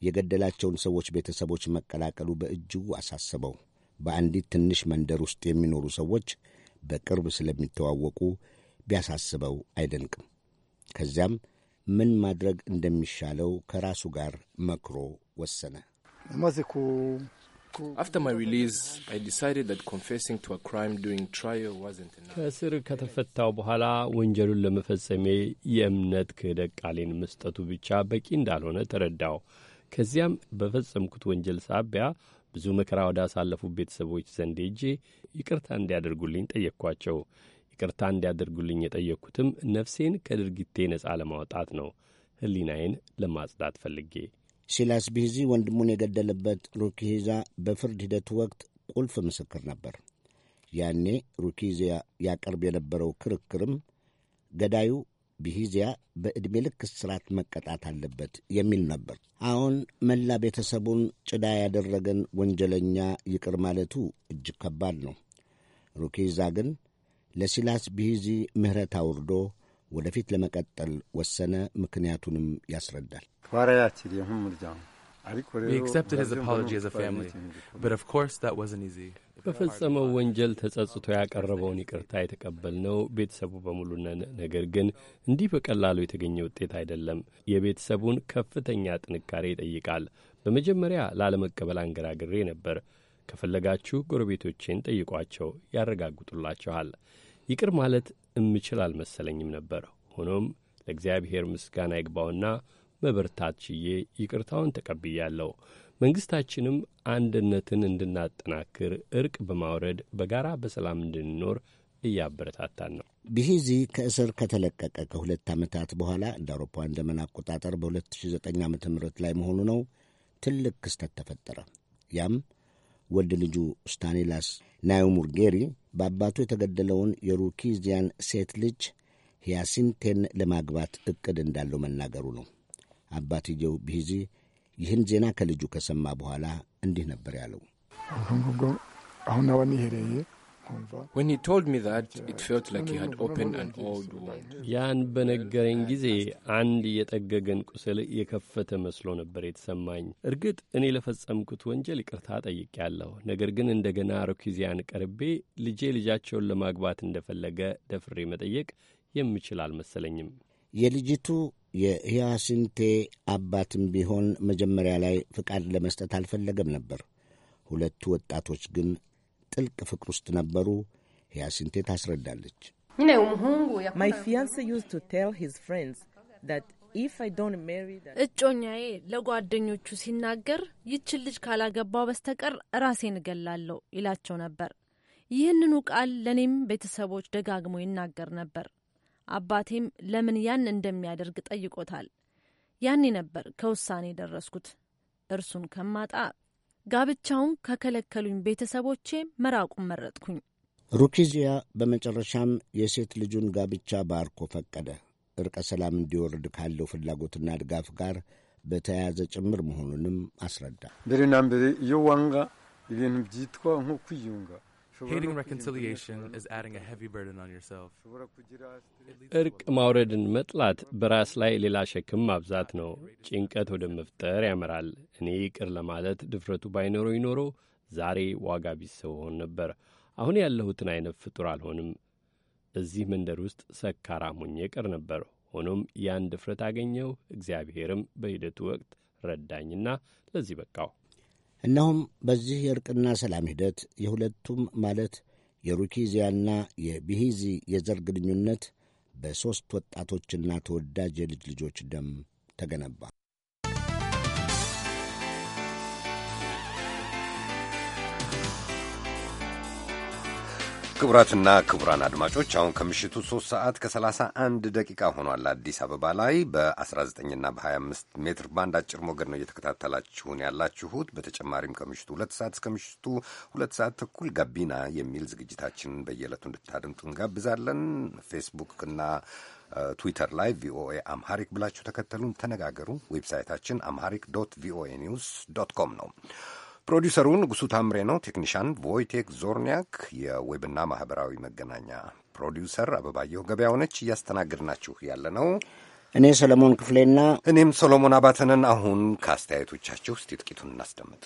የገደላቸውን ሰዎች ቤተሰቦች መቀላቀሉ በእጅጉ አሳሰበው። በአንዲት ትንሽ መንደር ውስጥ የሚኖሩ ሰዎች በቅርብ ስለሚተዋወቁ ቢያሳስበው አይደንቅም። ከዚያም ምን ማድረግ እንደሚሻለው ከራሱ ጋር መክሮ ወሰነ። ከእስር ከተፈታው በኋላ ወንጀሉን ለመፈጸሜ የእምነት ክህደት ቃሌን መስጠቱ ብቻ በቂ እንዳልሆነ ተረዳው። ከዚያም በፈጸምኩት ወንጀል ሳቢያ ብዙ መከራ ወዳሳለፉ ቤተሰቦች ዘንድ ሄጄ ይቅርታ እንዲያደርጉልኝ ጠየቅኳቸው። ይቅርታ እንዲያደርጉልኝ የጠየቅኩትም ነፍሴን ከድርጊቴ ነጻ ለማውጣት ነው፣ ሕሊናዬን ለማጽዳት ፈልጌ ሲላስ ቢዚ ወንድሙን የገደለበት ሩኪሂዛ በፍርድ ሂደቱ ወቅት ቁልፍ ምስክር ነበር። ያኔ ሩኪዚያ ያቀርብ የነበረው ክርክርም ገዳዩ ቢሂዚያ በዕድሜ ልክ እስራት መቀጣት አለበት የሚል ነበር። አሁን መላ ቤተሰቡን ጭዳ ያደረገን ወንጀለኛ ይቅር ማለቱ እጅግ ከባድ ነው። ሩኪዛ ግን ለሲላስ ቢሂዚ ምሕረት አውርዶ ወደፊት ለመቀጠል ወሰነ። ምክንያቱንም ያስረዳል። በፈጸመው ወንጀል ተጸጽቶ ያቀረበውን ይቅርታ የተቀበልነው ቤተሰቡ በሙሉ ነን። ነገር ግን እንዲህ በቀላሉ የተገኘ ውጤት አይደለም። የቤተሰቡን ከፍተኛ ጥንካሬ ይጠይቃል። በመጀመሪያ ላለመቀበል አንገራግሬ ነበር። ከፈለጋችሁ ጎረቤቶቼን ጠይቋቸው፣ ያረጋግጡላችኋል። ይቅር ማለት እምችል አልመሰለኝም ነበር። ሆኖም ለእግዚአብሔር ምስጋና ይግባውና መበርታት ችዬ ይቅርታውን ተቀብያለሁ። መንግሥታችንም አንድነትን እንድናጠናክር እርቅ በማውረድ በጋራ በሰላም እንድንኖር እያበረታታን ነው። ቢሂዚ ከእስር ከተለቀቀ ከሁለት ዓመታት በኋላ እንደ አውሮፓውያን ዘመን አቆጣጠር በ2009 ዓ ም ላይ መሆኑ ነው። ትልቅ ክስተት ተፈጠረ። ያም ወልድ ልጁ ስታኒላስ ናዮ በአባቱ የተገደለውን የሩኪዚያን ሴት ልጅ ሂያሲንቴን ለማግባት እቅድ እንዳለው መናገሩ ነው። አባትየው ቢዚ ይህን ዜና ከልጁ ከሰማ በኋላ እንዲህ ነበር ያለው። When he told me that, it felt like he had opened an old wound. ያን በነገረኝ ጊዜ አንድ የጠገገን ቁስል የከፈተ መስሎ ነበር የተሰማኝ። እርግጥ እኔ ለፈጸምኩት ወንጀል ይቅርታ ጠይቄያለሁ። ነገር ግን እንደገና ሮኪዚያን ቀርቤ ልጄ ልጃቸውን ለማግባት እንደፈለገ ደፍሬ መጠየቅ የምችል አልመሰለኝም። የልጅቱ የህያሲንቴ አባትም ቢሆን መጀመሪያ ላይ ፍቃድ ለመስጠት አልፈለገም ነበር። ሁለቱ ወጣቶች ግን ጥልቅ ፍቅር ውስጥ ነበሩ። ሂያሲንቴ ታስረዳለች። እጮኛዬ ለጓደኞቹ ሲናገር ይችን ልጅ ካላገባው በስተቀር ራሴን እገላለሁ ይላቸው ነበር። ይህንኑ ቃል ለእኔም ቤተሰቦች ደጋግሞ ይናገር ነበር። አባቴም ለምን ያን እንደሚያደርግ ጠይቆታል። ያኔ ነበር ከውሳኔ የደረስኩት እርሱን ከማጣ ጋብቻውን ከከለከሉኝ ቤተሰቦቼ መራቁን መረጥኩኝ። ሩኪዚያ በመጨረሻም የሴት ልጁን ጋብቻ ባርኮ ፈቀደ። እርቀ ሰላም እንዲወርድ ካለው ፍላጎትና ድጋፍ ጋር በተያያዘ ጭምር መሆኑንም አስረዳ። Hating reconciliation is adding a heavy burden on yourself. እርቅ ማውረድን መጥላት በራስ ላይ ሌላ ሸክም ማብዛት ነው። ጭንቀት ወደ መፍጠር ያመራል። እኔ ይቅር ለማለት ድፍረቱ ባይኖረው ይኖሮ ዛሬ ዋጋ ቢሰው ሆን ነበር። አሁን ያለሁትን አይነት ፍጡር አልሆንም። እዚህ መንደር ውስጥ ሰካራም ሆኜ እቀር ነበር። ሆኖም ያን ድፍረት አገኘው እግዚአብሔርም በሂደቱ ወቅት ረዳኝና ለዚህ በቃሁ። እነሆም በዚህ የእርቅና ሰላም ሂደት የሁለቱም ማለት የሩኪዚያና የቢሂዚ የዘር ግንኙነት በሦስት ወጣቶችና ተወዳጅ የልጅ ልጆች ደም ተገነባ። ክቡራትና ክቡራን አድማጮች አሁን ከምሽቱ 3 ሰዓት ከ31 ደቂቃ ሆኗል። አዲስ አበባ ላይ በ19ና በ25 ሜትር ባንድ አጭር ሞገድ ነው እየተከታተላችሁን ያላችሁት። በተጨማሪም ከምሽቱ 2 ሰዓት እስከ ምሽቱ ሁለት ሰዓት ተኩል ጋቢና የሚል ዝግጅታችንን በየዕለቱ እንድታደምጡ እንጋብዛለን። ፌስቡክና ትዊተር ላይ ቪኦኤ አምሃሪክ ብላችሁ ተከተሉን፣ ተነጋገሩ። ዌብሳይታችን አምሃሪክ ዶት ቪኦኤ ኒውስ ዶት ኮም ነው። ፕሮዲውሰሩ ንጉሡ ታምሬ ነው። ቴክኒሻን ቮይቴክ ዞርኒያክ፣ የዌብና ማኅበራዊ መገናኛ ፕሮዲውሰር አበባየሁ ገበያው ነች። እያስተናገድናችሁ ያለ ነው እኔ ሰለሞን ክፍሌና እኔም ሰሎሞን አባተንን። አሁን ከአስተያየቶቻችሁ እስቲ ጥቂቱን እናስደምጥ።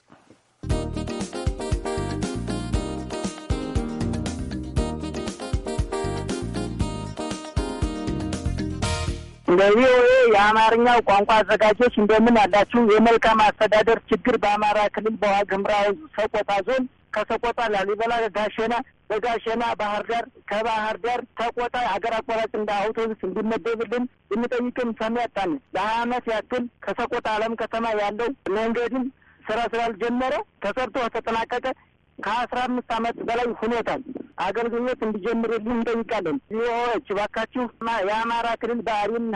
ለቪኦኤ የአማርኛው ቋንቋ አዘጋጆች እንደምን አላችሁ? የመልካም አስተዳደር ችግር በአማራ ክልል በዋግ ኽምራ ሰቆጣ ዞን ከሰቆጣ ላሊበላ፣ ጋሸና፣ በጋሸና ባህር ዳር፣ ከባህር ዳር ሰቆጣ ሀገር አቋራጭ እንደ አውቶቡስ እንዲመደብልን የሚጠይቅም ሰሚ ያጣን። ለሀያ ዓመት ያክል ከሰቆጣ አለም ከተማ ያለው መንገድም ስራ ስላልጀመረ ተሰርቶ ተጠናቀቀ ከአስራ አምስት አመት በላይ ሁኔታ አገልግሎት እንዲጀምርልን እንጠይቃለን። ቪኦኤዎች እባካችሁ የአማራ ክልል በአዴን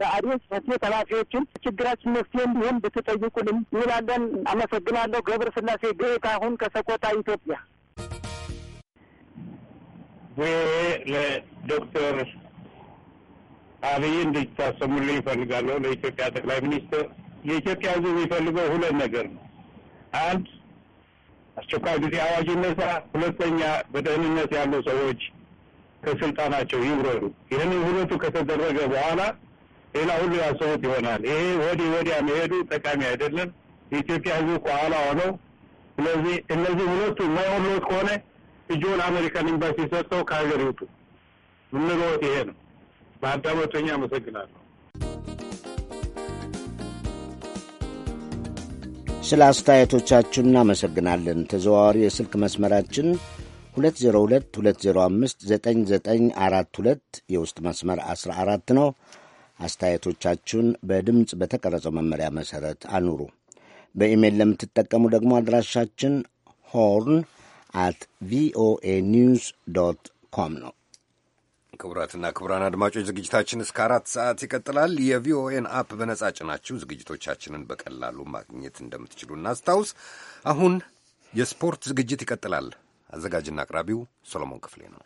በአዴን ጽሕፈት ቤት ኃላፊዎችን ችግራችን መፍትሄ እንዲሆን ብትጠይቁልን እንላለን። አመሰግናለሁ። ገብረ ስላሴ ግዕት አሁን ከሰቆጣ ኢትዮጵያ። ቪኦኤ ለዶክተር አብይ እንድታሰሙልኝ ይፈልጋለሁ። ለኢትዮጵያ ጠቅላይ ሚኒስትር የኢትዮጵያ ሕዝብ የሚፈልገው ሁለት ነገር ነው። አንድ አስቸኳይ ጊዜ አዋጅ ይነሳ፣ ሁለተኛ በደህንነት ያሉ ሰዎች ከስልጣናቸው ይውረዱ። ይህንን ሁለቱ ከተደረገ በኋላ ሌላ ሁሉ ያሰቡት ይሆናል። ይሄ ወዲህ ወዲያ መሄዱ ጠቃሚ አይደለም። የኢትዮጵያ ሕዝብ ከኋላ ሆነው ስለዚህ እነዚህ ሁለቱ ማይሆኑት ከሆነ እጆን አሜሪካን ኤምባሲ ሰጥተው ከሀገር ይውጡ። ምንለት ይሄ ነው። በአዳመቶኛ አመሰግናለሁ። ስለ አስተያየቶቻችሁ እናመሰግናለን። ተዘዋዋሪ የስልክ መስመራችን 2022059942 የውስጥ መስመር 14 ነው። አስተያየቶቻችሁን በድምፅ በተቀረጸው መመሪያ መሠረት አኑሩ። በኢሜይል ለምትጠቀሙ ደግሞ አድራሻችን ሆርን አት ቪኦኤ ኒውስ ዶት ኮም ነው። ክቡራትና ክቡራን አድማጮች ዝግጅታችን እስከ አራት ሰዓት ይቀጥላል። የቪኦኤን አፕ በነጻ ጭናችሁ ዝግጅቶቻችንን በቀላሉ ማግኘት እንደምትችሉ እናስታውስ። አሁን የስፖርት ዝግጅት ይቀጥላል። አዘጋጅና አቅራቢው ሶሎሞን ክፍሌ ነው።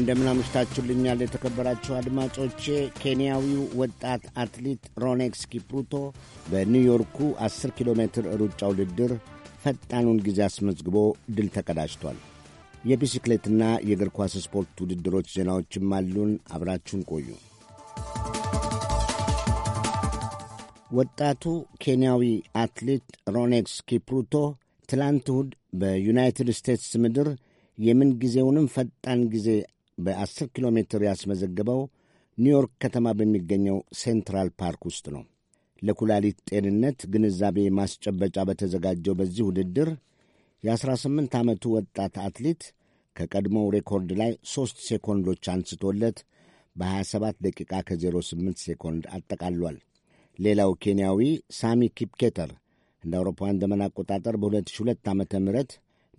እንደምናምሽታችሁልኛል የተከበራችሁ አድማጮቼ። ኬንያዊው ወጣት አትሌት ሮኔክስ ኪፕሩቶ በኒውዮርኩ 10 ኪሎ ሜትር ሩጫ ውድድር ፈጣኑን ጊዜ አስመዝግቦ ድል ተቀዳጅቷል። የቢስክሌትና የእግር ኳስ ስፖርት ውድድሮች ዜናዎችም አሉን። አብራችሁን ቆዩ። ወጣቱ ኬንያዊ አትሌት ሮኔክስ ኪፕሩቶ ትላንት እሁድ በዩናይትድ ስቴትስ ምድር የምንጊዜውንም ፈጣን ጊዜ በ10 ኪሎ ሜትር ያስመዘገበው ኒውዮርክ ከተማ በሚገኘው ሴንትራል ፓርክ ውስጥ ነው። ለኩላሊት ጤንነት ግንዛቤ ማስጨበጫ በተዘጋጀው በዚህ ውድድር የ18 ዓመቱ ወጣት አትሌት ከቀድሞው ሬኮርድ ላይ ሦስት ሴኮንዶች አንስቶለት በ27 ደቂቃ ከ08 ሴኮንድ አጠቃሏል። ሌላው ኬንያዊ ሳሚ ኪፕኬተር እንደ አውሮፓውያን ዘመን አቆጣጠር በ2002 ዓ ም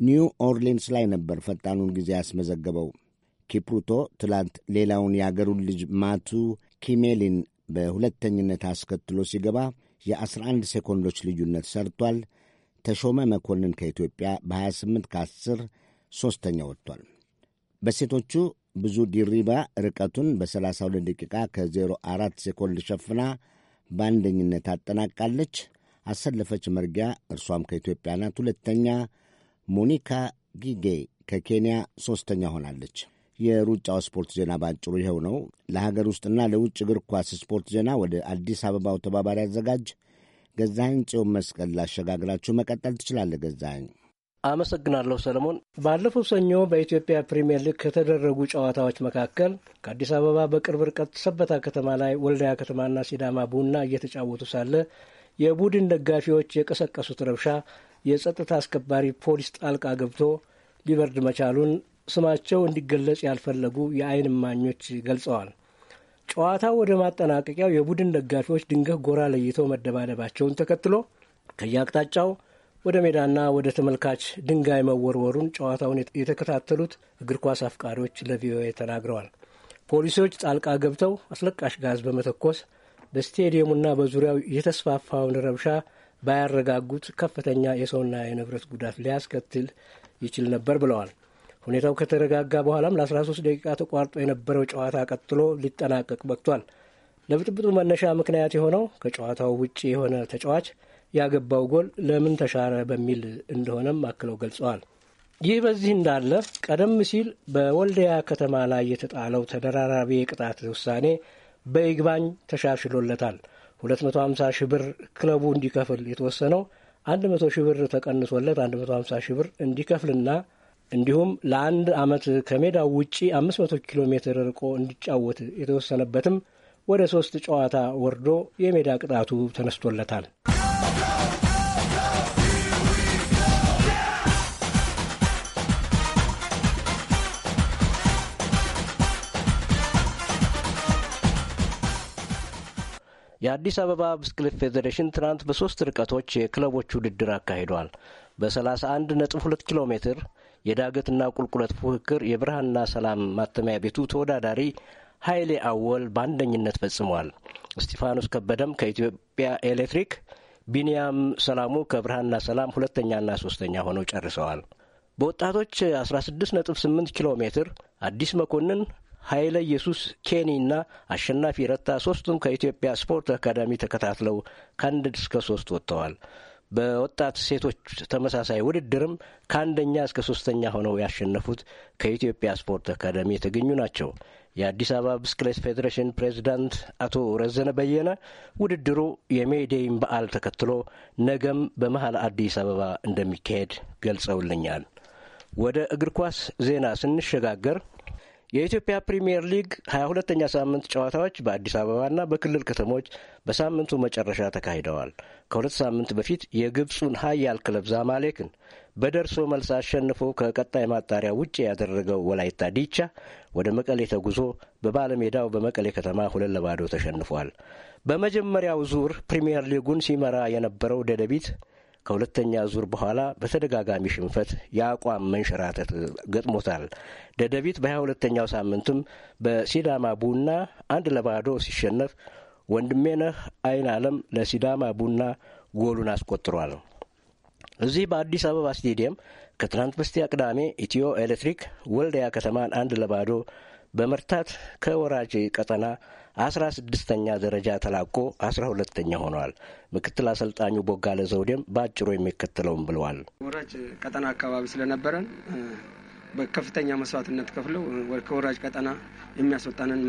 ኒው ኦርሊንስ ላይ ነበር ፈጣኑን ጊዜ ያስመዘገበው። ኪፕሩቶ ትላንት ሌላውን የአገሩን ልጅ ማቱ ኪሜሊን በሁለተኝነት አስከትሎ ሲገባ የ11 ሴኮንዶች ልዩነት ሰርቷል። ተሾመ መኮንን ከኢትዮጵያ በ28 ከ10 ሦስተኛ ወጥቷል። በሴቶቹ ብዙ ዲሪባ ርቀቱን በ32 ደቂቃ ከ04 ሴኮንድ ሸፍና በአንደኝነት አጠናቃለች። አሰለፈች መርጊያ እርሷም ከኢትዮጵያ ናት ሁለተኛ። ሞኒካ ጊጌ ከኬንያ ሦስተኛ ሆናለች። የሩጫው ስፖርት ዜና ባጭሩ ይኸው ነው። ለሀገር ውስጥና ለውጭ እግር ኳስ ስፖርት ዜና ወደ አዲስ አበባው ተባባሪ አዘጋጅ ገዛኸኝ ጽዮን መስቀል ላሸጋግራችሁ። መቀጠል ትችላለህ ገዛኸኝ። አመሰግናለሁ ሰለሞን። ባለፈው ሰኞ በኢትዮጵያ ፕሪምየር ሊግ ከተደረጉ ጨዋታዎች መካከል ከአዲስ አበባ በቅርብ ርቀት ሰበታ ከተማ ላይ ወልዳያ ከተማና ሲዳማ ቡና እየተጫወቱ ሳለ የቡድን ደጋፊዎች የቀሰቀሱት ረብሻ የጸጥታ አስከባሪ ፖሊስ ጣልቃ ገብቶ ሊበርድ መቻሉን ስማቸው እንዲገለጽ ያልፈለጉ የዓይን እማኞች ገልጸዋል። ጨዋታው ወደ ማጠናቀቂያው የቡድን ደጋፊዎች ድንገት ጎራ ለይተው መደባደባቸውን ተከትሎ ከየአቅጣጫው ወደ ሜዳና ወደ ተመልካች ድንጋይ መወርወሩን ጨዋታውን የተከታተሉት እግር ኳስ አፍቃሪዎች ለቪኦኤ ተናግረዋል። ፖሊሶች ጣልቃ ገብተው አስለቃሽ ጋዝ በመተኮስ በስቴዲየሙና በዙሪያው የተስፋፋውን ረብሻ ባያረጋጉት ከፍተኛ የሰውና የንብረት ጉዳት ሊያስከትል ይችል ነበር ብለዋል። ሁኔታው ከተረጋጋ በኋላም ለ13 ደቂቃ ተቋርጦ የነበረው ጨዋታ ቀጥሎ ሊጠናቀቅ በቅቷል። ለብጥብጡ መነሻ ምክንያት የሆነው ከጨዋታው ውጭ የሆነ ተጫዋች ያገባው ጎል ለምን ተሻረ በሚል እንደሆነም አክለው ገልጸዋል። ይህ በዚህ እንዳለ ቀደም ሲል በወልዲያ ከተማ ላይ የተጣለው ተደራራቢ የቅጣት ውሳኔ በይግባኝ ተሻሽሎለታል። 250 ሺህ ብር ክለቡ እንዲከፍል የተወሰነው 100 ሺህ ብር ተቀንሶለት 150 ሺህ ብር እንዲከፍልና እንዲሁም ለአንድ ዓመት ከሜዳው ውጪ 500 ኪሎ ሜትር ርቆ እንዲጫወት የተወሰነበትም ወደ ሶስት ጨዋታ ወርዶ የሜዳ ቅጣቱ ተነስቶለታል። የአዲስ አበባ ብስክሌት ፌዴሬሽን ትናንት በሶስት ርቀቶች የክለቦች ውድድር አካሂዷል። በ31.2 ኪሎ ሜትር የዳገትና ቁልቁለት ፉክክር የብርሃንና ሰላም ማተሚያ ቤቱ ተወዳዳሪ ኃይሌ አወል በአንደኝነት ፈጽሟል። እስጢፋኖስ ከበደም ከኢትዮጵያ ኤሌክትሪክ፣ ቢንያም ሰላሙ ከብርሃንና ሰላም ሁለተኛና ሶስተኛ ሆነው ጨርሰዋል። በወጣቶች 16.8 ኪሎ ሜትር አዲስ መኮንን፣ ኃይለ ኢየሱስ ኬኒና አሸናፊ ረታ ሶስቱም ከኢትዮጵያ ስፖርት አካዳሚ ተከታትለው ከአንድ እስከ ሶስት ወጥተዋል። በወጣት ሴቶች ተመሳሳይ ውድድርም ከአንደኛ እስከ ሶስተኛ ሆነው ያሸነፉት ከኢትዮጵያ ስፖርት አካዳሚ የተገኙ ናቸው። የአዲስ አበባ ብስክሌት ፌዴሬሽን ፕሬዚዳንት አቶ ረዘነ በየነ ውድድሩ የሜዴይን በዓል ተከትሎ ነገም በመሀል አዲስ አበባ እንደሚካሄድ ገልጸውልኛል። ወደ እግር ኳስ ዜና ስንሸጋገር የኢትዮጵያ ፕሪምየር ሊግ 22 ተኛ ሳምንት ጨዋታዎች በአዲስ አበባና በክልል ከተሞች በሳምንቱ መጨረሻ ተካሂደዋል። ከሁለት ሳምንት በፊት የግብፁን ሀያል ክለብ ዛማሌክን በደርሶ መልስ አሸንፎ ከቀጣይ ማጣሪያ ውጭ ያደረገው ወላይታ ዲቻ ወደ መቀሌ ተጉዞ በባለሜዳው በመቀሌ ከተማ ሁለት ለባዶ ተሸንፏል። በመጀመሪያው ዙር ፕሪምየር ሊጉን ሲመራ የነበረው ደደቢት ከሁለተኛ ዙር በኋላ በተደጋጋሚ ሽንፈት የአቋም መንሸራተት ገጥሞታል። ደደቢት 2 ሁለተኛው ሳምንትም በሲዳማ ቡና አንድ ለባዶ ሲሸነፍ ወንድሜነህ አይን አለም ለሲዳማ ቡና ጎሉን አስቆጥሯል። እዚህ በአዲስ አበባ ስቴዲየም ከትናንት በስቲያ ቅዳሜ ኢትዮ ኤሌክትሪክ ወልዲያ ከተማን አንድ ለባዶ በመርታት ከወራጅ ቀጠና አስራ ስድስተኛ ደረጃ ተላቆ አስራ ሁለተኛ ሆኗል። ምክትል አሰልጣኙ ቦጋለ ዘውዴም በአጭሩ የሚከተለውም ብለዋል። ወራጅ ቀጠና አካባቢ ስለነበረን በከፍተኛ መስዋዕትነት ከፍለው ከወራጅ ቀጠና የሚያስወጣንን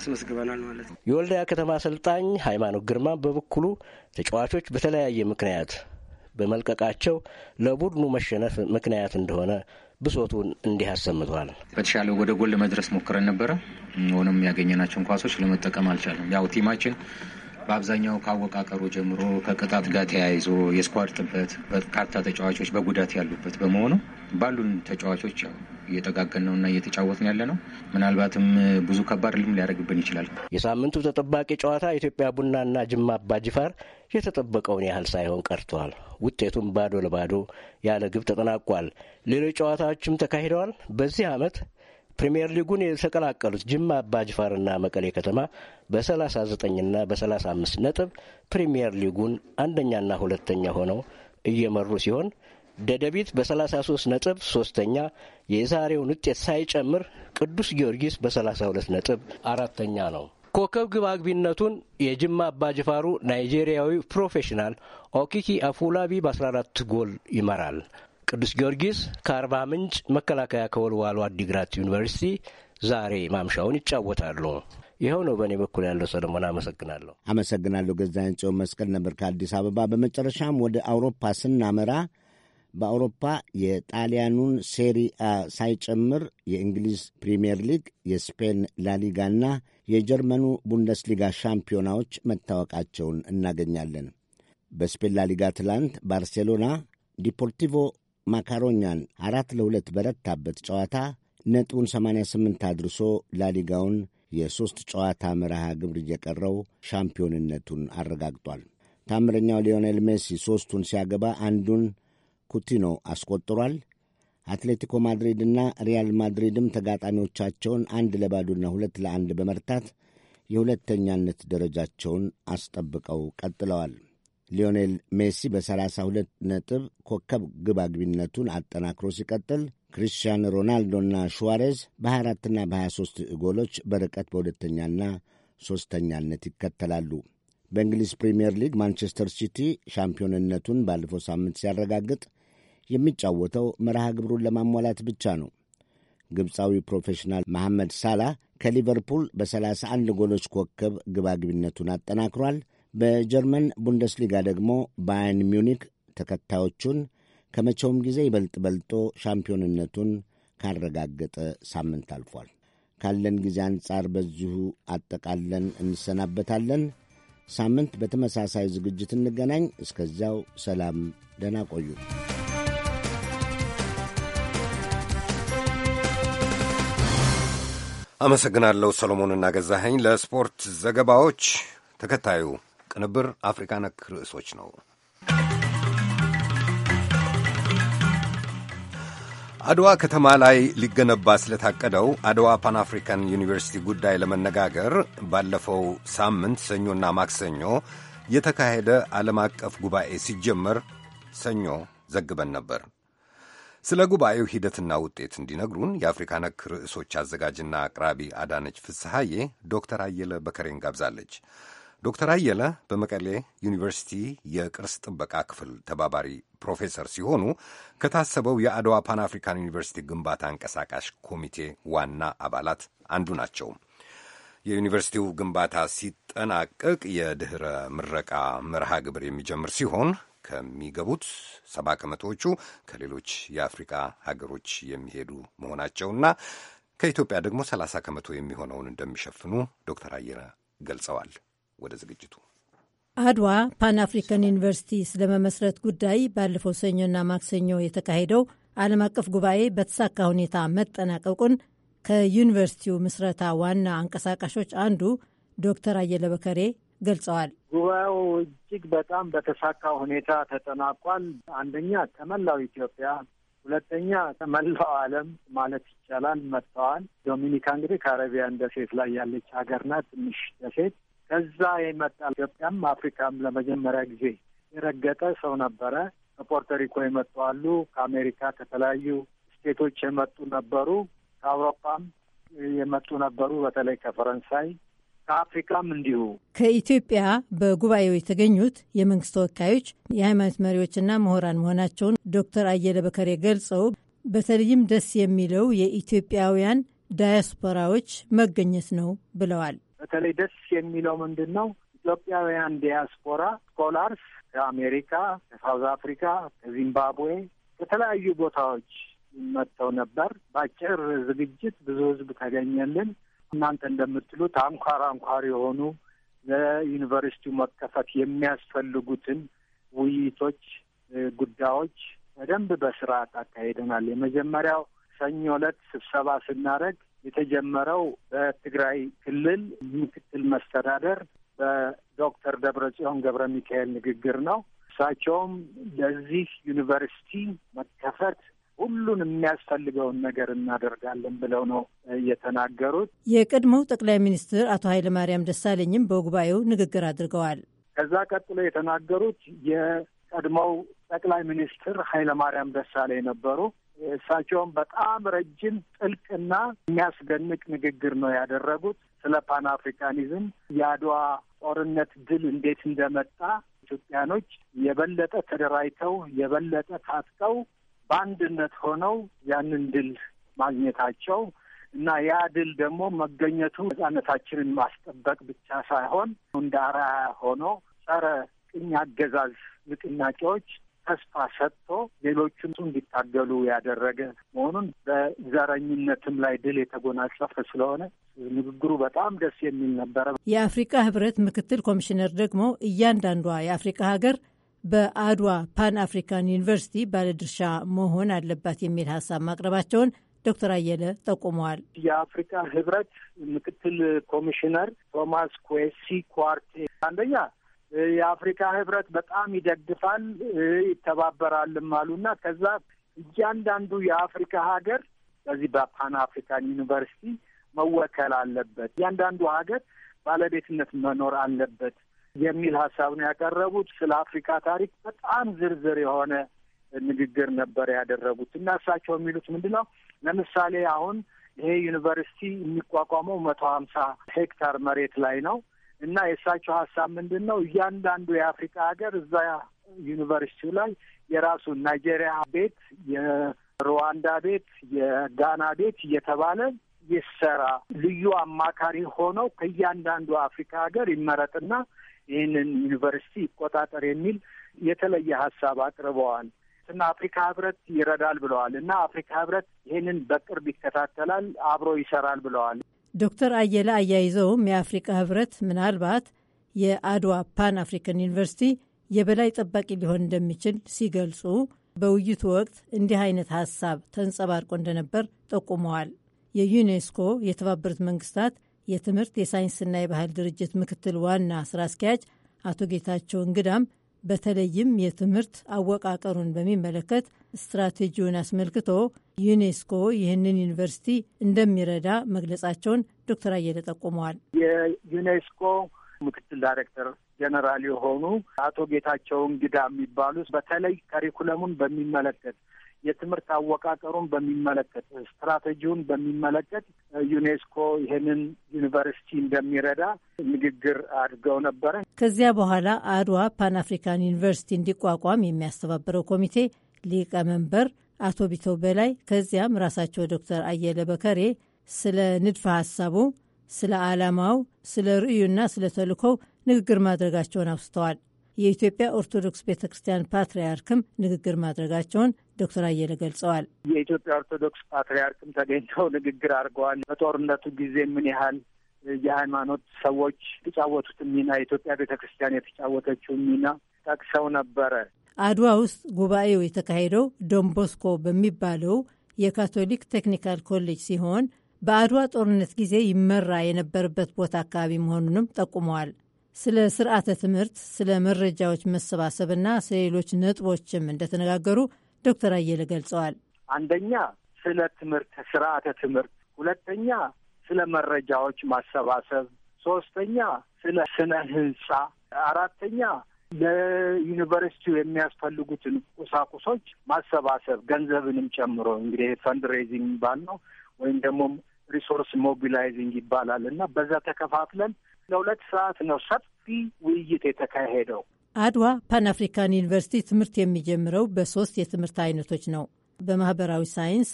አስመዝግበናል ማለት ነው። የወልዳያ ከተማ አሰልጣኝ ሃይማኖት ግርማ በበኩሉ ተጫዋቾች በተለያየ ምክንያት በመልቀቃቸው ለቡድኑ መሸነፍ ምክንያት እንደሆነ ብሶቱን እንዲህ አሰምቷል። በተሻለ ወደ ጎል ለመድረስ ሞክረን ነበረ። ሆኖም ያገኘናቸውን ኳሶች ለመጠቀም አልቻለም። ያው ቲማችን በአብዛኛው ከአወቃቀሩ ጀምሮ ከቅጣት ጋር ተያይዞ የስኳድ ጥበት በርካታ ተጫዋቾች በጉዳት ያሉበት በመሆኑ ባሉን ተጫዋቾች ያው እየጠጋገን ነው እና እየተጫወትን ያለ ነው። ምናልባትም ብዙ ከባድ ልም ሊያደርግብን ይችላል። የሳምንቱ ተጠባቂ ጨዋታ ኢትዮጵያ ቡናና ጅማ አባጅፋር ጅፋር የተጠበቀውን ያህል ሳይሆን ቀርተዋል። ውጤቱም ባዶ ለባዶ ያለ ግብ ተጠናቋል። ሌሎች ጨዋታዎችም ተካሂደዋል። በዚህ ዓመት ፕሪምየር ሊጉን የተቀላቀሉት ጅማ አባጅፋርና መቀሌ ከተማ በ39ና በ35 ነጥብ ፕሪምየር ሊጉን አንደኛና ሁለተኛ ሆነው እየመሩ ሲሆን ደደቢት በ33 ነጥብ ሶስተኛ፣ የዛሬውን ውጤት ሳይጨምር ቅዱስ ጊዮርጊስ በ32 ነጥብ አራተኛ ነው። ኮከብ ግብ አግቢነቱን የጅማ አባጅፋሩ ናይጄሪያዊ ፕሮፌሽናል ኦኪኪ አፉላቢ በ14 ጎል ይመራል። ቅዱስ ጊዮርጊስ ከአርባ ምንጭ፣ መከላከያ ከወልዋሉ አዲግራት ዩኒቨርሲቲ ዛሬ ማምሻውን ይጫወታሉ። ይኸው ነው በእኔ በኩል ያለው። ሰለሞን አመሰግናለሁ። አመሰግናለሁ። ገዛኸኝ ጽዮን መስቀል ነበር ከአዲስ አበባ። በመጨረሻም ወደ አውሮፓ ስናመራ በአውሮፓ የጣሊያኑን ሴሪአ ሳይጨምር የእንግሊዝ ፕሪምየር ሊግ፣ የስፔን ላሊጋና የጀርመኑ ቡንደስሊጋ ሻምፒዮናዎች መታወቃቸውን እናገኛለን። በስፔን ላሊጋ ትላንት ባርሴሎና ዲፖርቲቮ ማካሮኛን አራት ለሁለት በረታበት ጨዋታ ነጥቡን 88 አድርሶ ላሊጋውን የሦስት ጨዋታ መርሃ ግብር እየቀረው ሻምፒዮንነቱን አረጋግጧል። ታምረኛው ሊዮኔል ሜሲ ሦስቱን ሲያገባ አንዱን ኩቲኖ አስቆጥሯል። አትሌቲኮ ማድሪድና ሪያል ማድሪድም ተጋጣሚዎቻቸውን አንድ ለባዶና ሁለት ለአንድ በመርታት የሁለተኛነት ደረጃቸውን አስጠብቀው ቀጥለዋል። ሊዮኔል ሜሲ በ32 ነጥብ ኮከብ ግብ አግቢነቱን አጠናክሮ ሲቀጥል ክሪስቲያኖ ሮናልዶና ሹዋሬዝ በ24ና በ23 ጎሎች በርቀት በሁለተኛና ሦስተኛነት ይከተላሉ። በእንግሊዝ ፕሪምየር ሊግ ማንቸስተር ሲቲ ሻምፒዮንነቱን ባለፈው ሳምንት ሲያረጋግጥ የሚጫወተው መርሃ ግብሩን ለማሟላት ብቻ ነው። ግብፃዊ ፕሮፌሽናል መሐመድ ሳላ ከሊቨርፑል በ31 ጎሎች ኮከብ ግባግቢነቱን አጠናክሯል። በጀርመን ቡንደስሊጋ ደግሞ ባየርን ሚዩኒክ ተከታዮቹን ከመቼውም ጊዜ ይበልጥ በልጦ ሻምፒዮንነቱን ካረጋገጠ ሳምንት አልፏል። ካለን ጊዜ አንጻር በዚሁ አጠቃለን እንሰናበታለን። ሳምንት በተመሳሳይ ዝግጅት እንገናኝ። እስከዚያው ሰላም፣ ደህና ቆዩ። አመሰግናለሁ ሰሎሞንና ገዛኸኝ ለስፖርት ዘገባዎች። ተከታዩ ቅንብር አፍሪካ ነክ ርዕሶች ነው። አድዋ ከተማ ላይ ሊገነባ ስለታቀደው አድዋ ፓን አፍሪካን ዩኒቨርሲቲ ጉዳይ ለመነጋገር ባለፈው ሳምንት ሰኞና ማክሰኞ የተካሄደ ዓለም አቀፍ ጉባኤ ሲጀመር ሰኞ ዘግበን ነበር። ስለ ጉባኤው ሂደትና ውጤት እንዲነግሩን የአፍሪካ ነክ ርዕሶች አዘጋጅና አቅራቢ አዳነች ፍስሐዬ ዶክተር አየለ በከሬን ጋብዛለች። ዶክተር አየለ በመቀሌ ዩኒቨርሲቲ የቅርስ ጥበቃ ክፍል ተባባሪ ፕሮፌሰር ሲሆኑ ከታሰበው የአድዋ ፓን አፍሪካን ዩኒቨርሲቲ ግንባታ አንቀሳቃሽ ኮሚቴ ዋና አባላት አንዱ ናቸው። የዩኒቨርሲቲው ግንባታ ሲጠናቀቅ የድኅረ ምረቃ መርሃ ግብር የሚጀምር ሲሆን ከሚገቡት ሰባ ከመቶዎቹ ከሌሎች የአፍሪካ ሀገሮች የሚሄዱ መሆናቸውና ከኢትዮጵያ ደግሞ ሰላሳ ከመቶ የሚሆነውን እንደሚሸፍኑ ዶክተር አየለ ገልጸዋል። ወደ ዝግጅቱ አድዋ ፓን አፍሪካን ዩኒቨርሲቲ ስለመመስረት ጉዳይ ባለፈው ሰኞና ማክሰኞ የተካሄደው ዓለም አቀፍ ጉባኤ በተሳካ ሁኔታ መጠናቀቁን ከዩኒቨርሲቲው ምስረታ ዋና አንቀሳቃሾች አንዱ ዶክተር አየለ በከሬ ገልጸዋል። ጉባኤው እጅግ በጣም በተሳካ ሁኔታ ተጠናቋል። አንደኛ ከመላው ኢትዮጵያ፣ ሁለተኛ ከመላው ዓለም ማለት ይቻላል መጥተዋል። ዶሚኒካ እንግዲህ ከአረቢያ ደሴት ላይ ያለች ሀገር ናት። ትንሽ ደሴት ከዛ የመጣ ኢትዮጵያም አፍሪካም ለመጀመሪያ ጊዜ የረገጠ ሰው ነበረ። ከፖርቶሪኮ የመጡ አሉ። ከአሜሪካ ከተለያዩ ስቴቶች የመጡ ነበሩ። ከአውሮፓም የመጡ ነበሩ። በተለይ ከፈረንሳይ ከአፍሪካም እንዲሁ። ከኢትዮጵያ በጉባኤው የተገኙት የመንግስት ተወካዮች፣ የሃይማኖት መሪዎችና ምሁራን መሆናቸውን ዶክተር አየለ በከሬ ገልጸው በተለይም ደስ የሚለው የኢትዮጵያውያን ዳያስፖራዎች መገኘት ነው ብለዋል። በተለይ ደስ የሚለው ምንድን ነው ኢትዮጵያውያን ዲያስፖራ ስኮላርስ ከአሜሪካ፣ ከሳውዝ አፍሪካ፣ ከዚምባብዌ ከተለያዩ ቦታዎች መጥተው ነበር። በአጭር ዝግጅት ብዙ ህዝብ ተገኘልን። እናንተ እንደምትሉት አንኳር አንኳር የሆኑ ለዩኒቨርሲቲው መከፈት የሚያስፈልጉትን ውይይቶች፣ ጉዳዮች በደንብ በስርዓት አካሂደናል። የመጀመሪያው ሰኞ ዕለት ስብሰባ ስናደርግ የተጀመረው በትግራይ ክልል ምክትል መስተዳደር በዶክተር ደብረጽዮን ገብረ ሚካኤል ንግግር ነው። እሳቸውም ለዚህ ዩኒቨርሲቲ መከፈት ሁሉን የሚያስፈልገውን ነገር እናደርጋለን ብለው ነው የተናገሩት። የቀድሞው ጠቅላይ ሚኒስትር አቶ ኃይለማርያም ደሳለኝም በጉባኤው ንግግር አድርገዋል። ከዛ ቀጥሎ የተናገሩት የቀድሞው ጠቅላይ ሚኒስትር ኃይለማርያም ደሳለኝ ነበሩ። እሳቸውም በጣም ረጅም ጥልቅና የሚያስደንቅ ንግግር ነው ያደረጉት ስለ ፓን አፍሪካኒዝም የአድዋ ጦርነት ድል እንዴት እንደመጣ ኢትዮጵያኖች የበለጠ ተደራጅተው የበለጠ ታጥቀው በአንድነት ሆነው ያንን ድል ማግኘታቸው እና ያ ድል ደግሞ መገኘቱ ነጻነታችንን ማስጠበቅ ብቻ ሳይሆን እንደ አርአያ ሆኖ ጸረ ቅኝ አገዛዝ ንቅናቄዎች ተስፋ ሰጥቶ ሌሎቹን እንዲታገሉ ያደረገ መሆኑን በዘረኝነትም ላይ ድል የተጎናጸፈ ስለሆነ ንግግሩ በጣም ደስ የሚል ነበረ። የአፍሪካ ህብረት ምክትል ኮሚሽነር ደግሞ እያንዳንዷ የአፍሪካ ሀገር በአድዋ ፓን አፍሪካን ዩኒቨርሲቲ ባለድርሻ መሆን አለባት የሚል ሀሳብ ማቅረባቸውን ዶክተር አየለ ጠቁመዋል። የአፍሪካ ህብረት ምክትል ኮሚሽነር ቶማስ ኩዌሲ ኳርቴ አንደኛ የአፍሪካ ህብረት በጣም ይደግፋል ይተባበራልም አሉና ከዛ እያንዳንዱ የአፍሪካ ሀገር በዚህ በፓን አፍሪካን ዩኒቨርሲቲ መወከል አለበት፣ እያንዳንዱ ሀገር ባለቤትነት መኖር አለበት የሚል ሀሳብ ነው ያቀረቡት። ስለ አፍሪካ ታሪክ በጣም ዝርዝር የሆነ ንግግር ነበር ያደረጉት እና እሳቸው የሚሉት ምንድን ነው? ለምሳሌ አሁን ይሄ ዩኒቨርሲቲ የሚቋቋመው መቶ ሀምሳ ሄክታር መሬት ላይ ነው። እና የእሳቸው ሀሳብ ምንድን ነው? እያንዳንዱ የአፍሪካ ሀገር እዛ ዩኒቨርሲቲው ላይ የራሱ ናይጄሪያ ቤት፣ የሩዋንዳ ቤት፣ የጋና ቤት እየተባለ ይሰራ። ልዩ አማካሪ ሆነው ከእያንዳንዱ አፍሪካ ሀገር ይመረጥና ይህንን ዩኒቨርሲቲ ይቆጣጠር የሚል የተለየ ሀሳብ አቅርበዋል። እና አፍሪካ ህብረት ይረዳል ብለዋል። እና አፍሪካ ህብረት ይህንን በቅርብ ይከታተላል፣ አብሮ ይሰራል ብለዋል። ዶክተር አየለ አያይዘውም የአፍሪካ ህብረት ምናልባት የአድዋ ፓን አፍሪካን ዩኒቨርሲቲ የበላይ ጠባቂ ሊሆን እንደሚችል ሲገልጹ በውይይቱ ወቅት እንዲህ አይነት ሀሳብ ተንጸባርቆ እንደነበር ጠቁመዋል። የዩኔስኮ የተባበሩት መንግስታት የትምህርት የሳይንስና የባህል ድርጅት ምክትል ዋና ስራ አስኪያጅ አቶ ጌታቸው እንግዳም በተለይም የትምህርት አወቃቀሩን በሚመለከት ስትራቴጂውን አስመልክቶ ዩኔስኮ ይህንን ዩኒቨርሲቲ እንደሚረዳ መግለጻቸውን ዶክተር አየለ ጠቁመዋል። የዩኔስኮ ምክትል ዳይሬክተር ጀነራል የሆኑ አቶ ጌታቸው እንግዳ የሚባሉት በተለይ ከሪኩለሙን በሚመለከት የትምህርት አወቃቀሩን በሚመለከት ስትራቴጂውን በሚመለከት ዩኔስኮ ይህንን ዩኒቨርሲቲ እንደሚረዳ ንግግር አድርገው ነበረ። ከዚያ በኋላ አድዋ ፓን አፍሪካን ዩኒቨርሲቲ እንዲቋቋም የሚያስተባብረው ኮሚቴ ሊቀመንበር አቶ ቢተው በላይ ከዚያም ራሳቸው ዶክተር አየለ በከሬ ስለ ንድፈ ሀሳቡ፣ ስለ ዓላማው፣ ስለ ርዕዩና ስለ ተልእኮው ንግግር ማድረጋቸውን አውስተዋል። የኢትዮጵያ ኦርቶዶክስ ቤተ ክርስቲያን ፓትርያርክም ንግግር ማድረጋቸውን ዶክተር አየለ ገልጸዋል። የኢትዮጵያ ኦርቶዶክስ ፓትርያርክም ተገኝተው ንግግር አድርገዋል። በጦርነቱ ጊዜ ምን ያህል የሃይማኖት ሰዎች የተጫወቱት ሚና የኢትዮጵያ ቤተ ክርስቲያን የተጫወተችው ሚና ጠቅሰው ነበረ። አድዋ ውስጥ ጉባኤው የተካሄደው ዶንቦስኮ በሚባለው የካቶሊክ ቴክኒካል ኮሌጅ ሲሆን በአድዋ ጦርነት ጊዜ ይመራ የነበረበት ቦታ አካባቢ መሆኑንም ጠቁመዋል። ስለ ስርዓተ ትምህርት፣ ስለ መረጃዎች መሰባሰብና ስለሌሎች ነጥቦችም እንደተነጋገሩ ዶክተር አየለ ገልጸዋል። አንደኛ ስለ ትምህርት ስርዓተ ትምህርት፣ ሁለተኛ ስለ መረጃዎች ማሰባሰብ፣ ሶስተኛ ስለ ስነ ህንፃ፣ አራተኛ ለዩኒቨርስቲው የሚያስፈልጉትን ቁሳቁሶች ማሰባሰብ ገንዘብንም ጨምሮ እንግዲህ ፈንድሬዚንግ የሚባል ነው ወይም ደግሞ ሪሶርስ ሞቢላይዚንግ ይባላል እና በዛ ተከፋፍለን ለሁለት ሰዓት ነው ሰፊ ውይይት የተካሄደው። አድዋ ፓን አፍሪካን ዩኒቨርሲቲ ትምህርት የሚጀምረው በሶስት የትምህርት አይነቶች ነው። በማህበራዊ ሳይንስ፣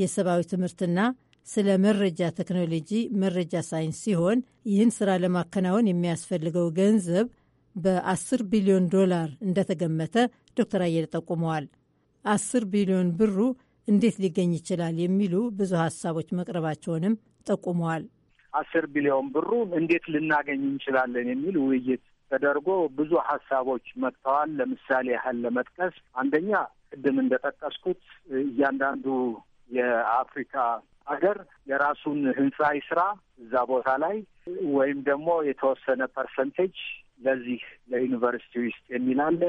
የሰብአዊ ትምህርትና ስለ መረጃ ቴክኖሎጂ መረጃ ሳይንስ ሲሆን ይህን ስራ ለማከናወን የሚያስፈልገው ገንዘብ በ10 ቢሊዮን ዶላር እንደተገመተ ዶክተር አየለ ጠቁመዋል። 10 ቢሊዮን ብሩ እንዴት ሊገኝ ይችላል የሚሉ ብዙ ሀሳቦች መቅረባቸውንም ጠቁመዋል። አስር ቢሊዮን ብሩን እንዴት ልናገኝ እንችላለን የሚል ውይይት ተደርጎ ብዙ ሀሳቦች መጥተዋል። ለምሳሌ ያህል ለመጥቀስ አንደኛ ቅድም እንደጠቀስኩት እያንዳንዱ የአፍሪካ ሀገር የራሱን ህንፃ ይስራ እዛ ቦታ ላይ ወይም ደግሞ የተወሰነ ፐርሰንቴጅ ለዚህ ለዩኒቨርሲቲ ውስጥ የሚል አለ።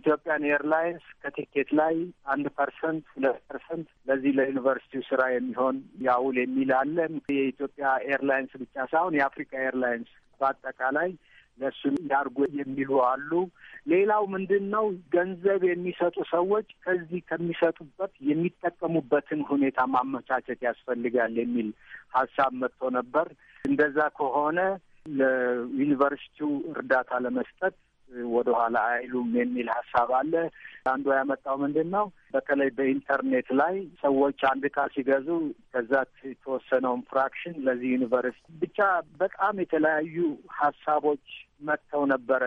ኢትዮጵያን ኤርላይንስ ከቲኬት ላይ አንድ ፐርሰንት ሁለት ፐርሰንት ለዚህ ለዩኒቨርሲቲው ስራ የሚሆን ያውል የሚል አለ። የኢትዮጵያ ኤርላይንስ ብቻ ሳይሆን የአፍሪካ ኤርላይንስ በአጠቃላይ ለእሱ ያርጎ የሚሉ አሉ። ሌላው ምንድን ነው ገንዘብ የሚሰጡ ሰዎች ከዚህ ከሚሰጡበት የሚጠቀሙበትን ሁኔታ ማመቻቸት ያስፈልጋል የሚል ሀሳብ መጥቶ ነበር። እንደዛ ከሆነ ለዩኒቨርሲቲው እርዳታ ለመስጠት ወደኋላ አይሉም የሚል ሀሳብ አለ። አንዱ ያመጣው ምንድን ነው? በተለይ በኢንተርኔት ላይ ሰዎች አንድ ዕቃ ሲገዙ ከዛ የተወሰነውን ፍራክሽን ለዚህ ዩኒቨርሲቲ ብቻ በጣም የተለያዩ ሀሳቦች መጥተው ነበረ።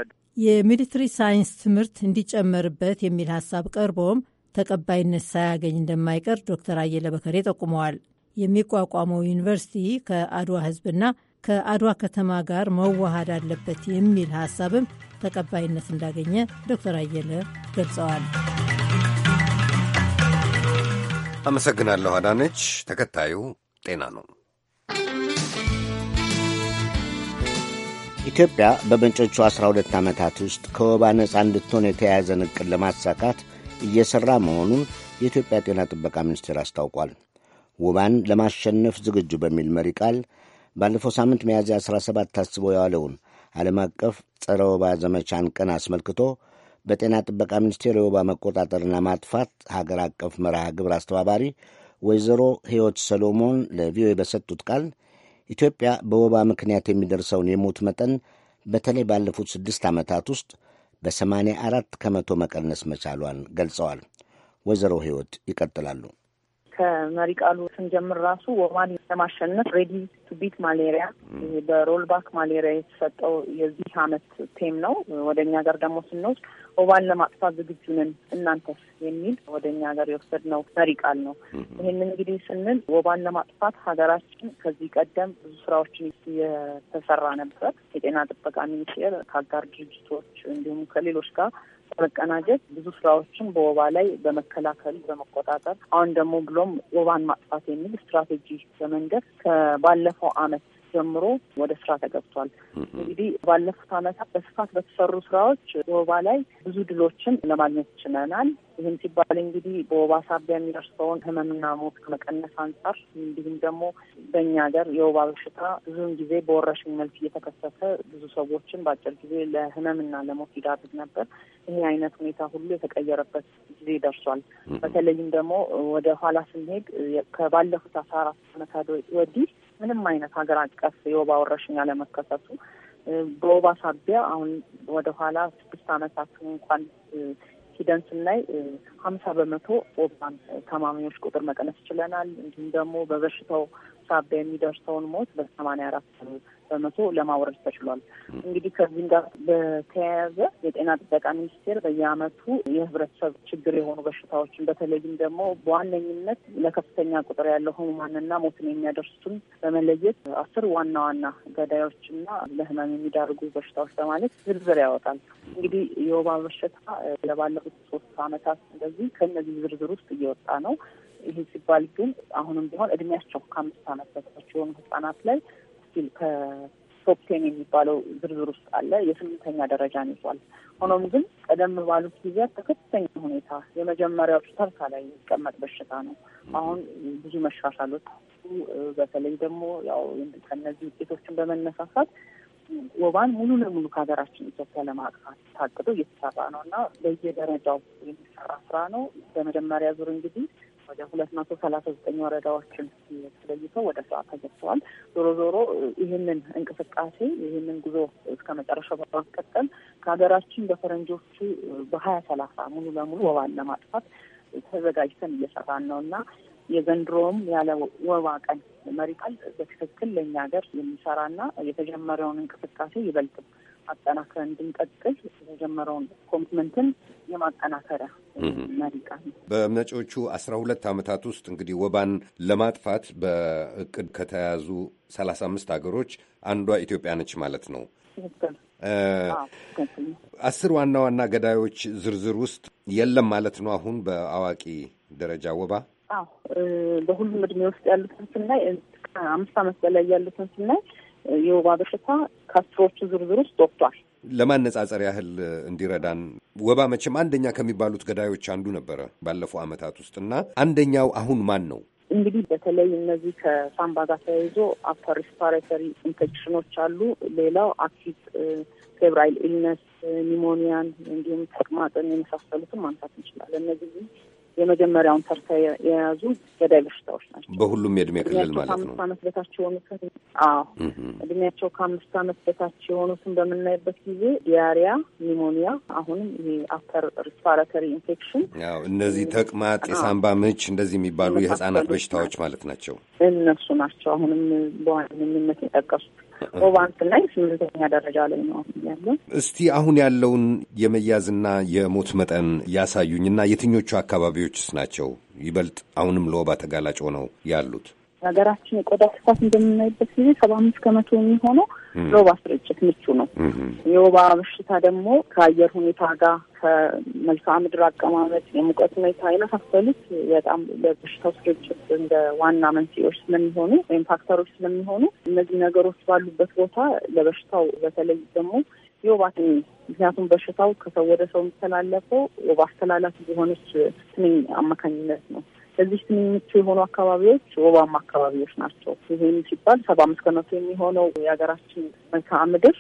የሚሊትሪ ሳይንስ ትምህርት እንዲጨመርበት የሚል ሀሳብ ቀርቦም ተቀባይነት ሳያገኝ እንደማይቀር ዶክተር አየለ በከሬ ጠቁመዋል። የሚቋቋመው ዩኒቨርሲቲ ከአድዋ ህዝብና ከአድዋ ከተማ ጋር መዋሃድ አለበት የሚል ሀሳብም ተቀባይነት እንዳገኘ ዶክተር አየለ ገልጸዋል። አመሰግናለሁ አዳነች። ተከታዩ ጤና ነው። ኢትዮጵያ በመጪዎቹ 12 ዓመታት ውስጥ ከወባ ነፃ እንድትሆን የተያያዘን ዕቅድ ለማሳካት እየሠራ መሆኑን የኢትዮጵያ ጤና ጥበቃ ሚኒስቴር አስታውቋል። ወባን ለማሸነፍ ዝግጁ በሚል መሪ ቃል ባለፈው ሳምንት ሚያዝያ 17 ታስቦ የዋለውን ዓለም አቀፍ ጸረ ወባ ዘመቻን ቀን አስመልክቶ በጤና ጥበቃ ሚኒስቴር የወባ መቆጣጠርና ማጥፋት ሀገር አቀፍ መርሃ ግብር አስተባባሪ ወይዘሮ ሕይወት ሰሎሞን ለቪኦኤ በሰጡት ቃል ኢትዮጵያ በወባ ምክንያት የሚደርሰውን የሞት መጠን በተለይ ባለፉት ስድስት ዓመታት ውስጥ በሰማንያ አራት ከመቶ መቀነስ መቻሏን ገልጸዋል። ወይዘሮ ሕይወት ይቀጥላሉ። ከመሪ ቃሉ ስንጀምር ራሱ ወባን ለማሸነፍ ሬዲ ቱ ቢት ማሌሪያ በሮልባክ ማሌሪያ የተሰጠው የዚህ አመት ቴም ነው። ወደ እኛ ሀገር ደግሞ ስንወስድ ወባን ለማጥፋት ዝግጁ ነን እናንተስ የሚል ወደ እኛ ሀገር የወሰድነው መሪ ቃል ነው። ይህን እንግዲህ ስንል ወባን ለማጥፋት ሀገራችን ከዚህ ቀደም ብዙ ስራዎችን የተሰራ ነበር። የጤና ጥበቃ ሚኒስቴር ከአጋር ድርጅቶች እንዲሁም ከሌሎች ጋር በመቀናጀት ብዙ ስራዎችን በወባ ላይ በመከላከል በመቆጣጠር አሁን ደግሞ ብሎም ወባን ማጥፋት የሚል ስትራቴጂ በመንገድ ከባለፈው አመት ጀምሮ ወደ ስራ ተገብቷል። እንግዲህ ባለፉት አመታት በስፋት በተሰሩ ስራዎች በወባ ላይ ብዙ ድሎችን ለማግኘት ችለናል። ይህም ሲባል እንግዲህ በወባ ሳቢያ የሚደርሰውን ህመምና ሞት ከመቀነስ አንጻር እንዲሁም ደግሞ በእኛ ሀገር የወባ በሽታ ብዙውን ጊዜ በወረሽኝ መልክ እየተከሰተ ብዙ ሰዎችን በአጭር ጊዜ ለህመምና ለሞት ይዳርግ ነበር። ይህ አይነት ሁኔታ ሁሉ የተቀየረበት ጊዜ ደርሷል። በተለይም ደግሞ ወደ ኋላ ስንሄድ ከባለፉት አስራ አራት ዓመታት ወዲህ ምንም አይነት ሀገር አቀፍ የወባ ወረርሽኝ አለመከሰቱ በወባ ሳቢያ አሁን ወደኋላ ስድስት አመታት እንኳን ሂደን ስናይ ሀምሳ በመቶ ወባን ተማሚዎች ቁጥር መቀነስ ችለናል። እንዲሁም ደግሞ በበሽታው ሳቢያ የሚደርሰውን ሞት በሰማንያ አራት በመቶ ለማውረድ ተችሏል። እንግዲህ ከዚህም ጋር በተያያዘ የጤና ጥበቃ ሚኒስቴር በየዓመቱ የህብረተሰብ ችግር የሆኑ በሽታዎችን በተለይም ደግሞ በዋነኝነት ለከፍተኛ ቁጥር ያለው ህሙማንና ሞትን የሚያደርሱትን በመለየት አስር ዋና ዋና ገዳዮችና ለህመም የሚዳርጉ በሽታዎች በማለት ዝርዝር ያወጣል። እንግዲህ የወባ በሽታ ለባለፉት ሶስት ዓመታት እንደዚህ ከእነዚህ ዝርዝር ውስጥ እየወጣ ነው። ይህ ሲባል ግን አሁንም ቢሆን እድሜያቸው ከአምስት ዓመት በታች የሆኑ ህጻናት ላይ ስቲል ከቶፕ ቴን የሚባለው ዝርዝር ውስጥ አለ። የስምንተኛ ደረጃን ይዟል። ሆኖም ግን ቀደም ባሉት ጊዜያት በከፍተኛ ሁኔታ የመጀመሪያዎቹ ተርታ ላይ የሚቀመጥ በሽታ ነው። አሁን ብዙ መሻሻሎች በተለይ ደግሞ ያው ከእነዚህ ውጤቶችን በመነሳሳት ወባን ሙሉ ለሙሉ ከሀገራችን ኢትዮጵያ ለማጥፋት ታቅዶ እየተሰራ ነው እና በየደረጃው የሚሰራ ስራ ነው። በመጀመሪያ ዙር እንግዲህ ወደ ሁለት መቶ ሰላሳ ዘጠኝ ወረዳዎችን ተለይተው ወደ ስራ ተገብተዋል። ዞሮ ዞሮ ይህንን እንቅስቃሴ ይህንን ጉዞ እስከ መጨረሻው በማስቀጠል ከሀገራችን በፈረንጆቹ በሀያ ሰላሳ ሙሉ ለሙሉ ወባን ለማጥፋት ተዘጋጅተን እየሰራን ነው እና የዘንድሮውም ያለ ወባ ቀን መሪ ቃል በትክክል ለእኛ ሀገር የሚሰራና የተጀመረውን እንቅስቃሴ ይበልጥም አጠናክረን እንድንቀጥል የተጀመረውን ኮሚትመንትን የማጠናከሪያ መሪ በመጪዎቹ አስራ ሁለት ዓመታት ውስጥ እንግዲህ ወባን ለማጥፋት በእቅድ ከተያዙ ሰላሳ አምስት ሀገሮች አንዷ ኢትዮጵያ ነች ማለት ነው። አስር ዋና ዋና ገዳዮች ዝርዝር ውስጥ የለም ማለት ነው። አሁን በአዋቂ ደረጃ ወባ በሁሉም እድሜ ውስጥ ያሉትን ስናይ ከአምስት ዓመት በላይ ያሉትን ስናይ የወባ በሽታ ከአስሮቹ ዝርዝር ውስጥ ወጥቷል። ለማነጻጸር ያህል እንዲረዳን ወባ መቼም አንደኛ ከሚባሉት ገዳዮች አንዱ ነበረ ባለፉ ዓመታት ውስጥ እና አንደኛው አሁን ማን ነው? እንግዲህ በተለይ እነዚህ ከሳምባ ጋር ተያይዞ አፐር ሪስፓሬተሪ ኢንፌክሽኖች አሉ። ሌላው አኪት ፌብራይል ኢልነስ ኒሞኒያን፣ እንዲሁም ተቅማጥን የመሳሰሉትን ማንሳት እንችላለን። እነዚህ የመጀመሪያውን ተርታ የያዙ ገዳይ በሽታዎች ናቸው። በሁሉም የእድሜ ክልል ማለት ነው። ከአምስት ዓመት በታች የሆኑትን አዎ፣ እድሜያቸው ከአምስት ዓመት በታች የሆኑትን በምናይበት ጊዜ ዲያሪያ፣ ኒሞኒያ፣ አሁንም ይሄ አፍተር ሪስፓራተሪ ኢንፌክሽን፣ እነዚህ ተቅማጥ፣ የሳምባ ምች እንደዚህ የሚባሉ የህጻናት በሽታዎች ማለት ናቸው። እነሱ ናቸው አሁንም በዋነኝነት የጠቀሱት። ኦቫንስ ላይ ስምንተኛ ደረጃ ላይ ነው ያለው። እስቲ አሁን ያለውን የመያዝና የሞት መጠን እና የትኞቹ አካባቢዎችስ ናቸው ይበልጥ አሁንም ለወባ ተጋላጭ ሆነው ያሉት? ሀገራችን የቆዳ ስፋት እንደምናይበት ጊዜ ሰባ አምስት ከመቶ የሚሆነው ለወባ ስርጭት ምቹ ነው። የወባ በሽታ ደግሞ ከአየር ሁኔታ ጋር ከመልክዓ ምድር አቀማመጥ፣ የሙቀት ሁኔታ የመሳሰሉት በጣም ለበሽታው ስርጭት እንደ ዋና መንስኤዎች ስለሚሆኑ ወይም ፋክተሮች ስለሚሆኑ እነዚህ ነገሮች ባሉበት ቦታ ለበሽታው በተለይ ደግሞ የወባ ትንኝ ምክንያቱም በሽታው ከሰው ወደ ሰው የሚተላለፈው ወባ አስተላላፊ በሆነች ትንኝ አማካኝነት ነው። ከዚህ ትንኝ የሆኑ አካባቢዎች ወባማ አካባቢዎች ናቸው። ይህም ሲባል ሰባ አምስት ከመቶ የሚሆነው የሀገራችን መልክዓ ምድር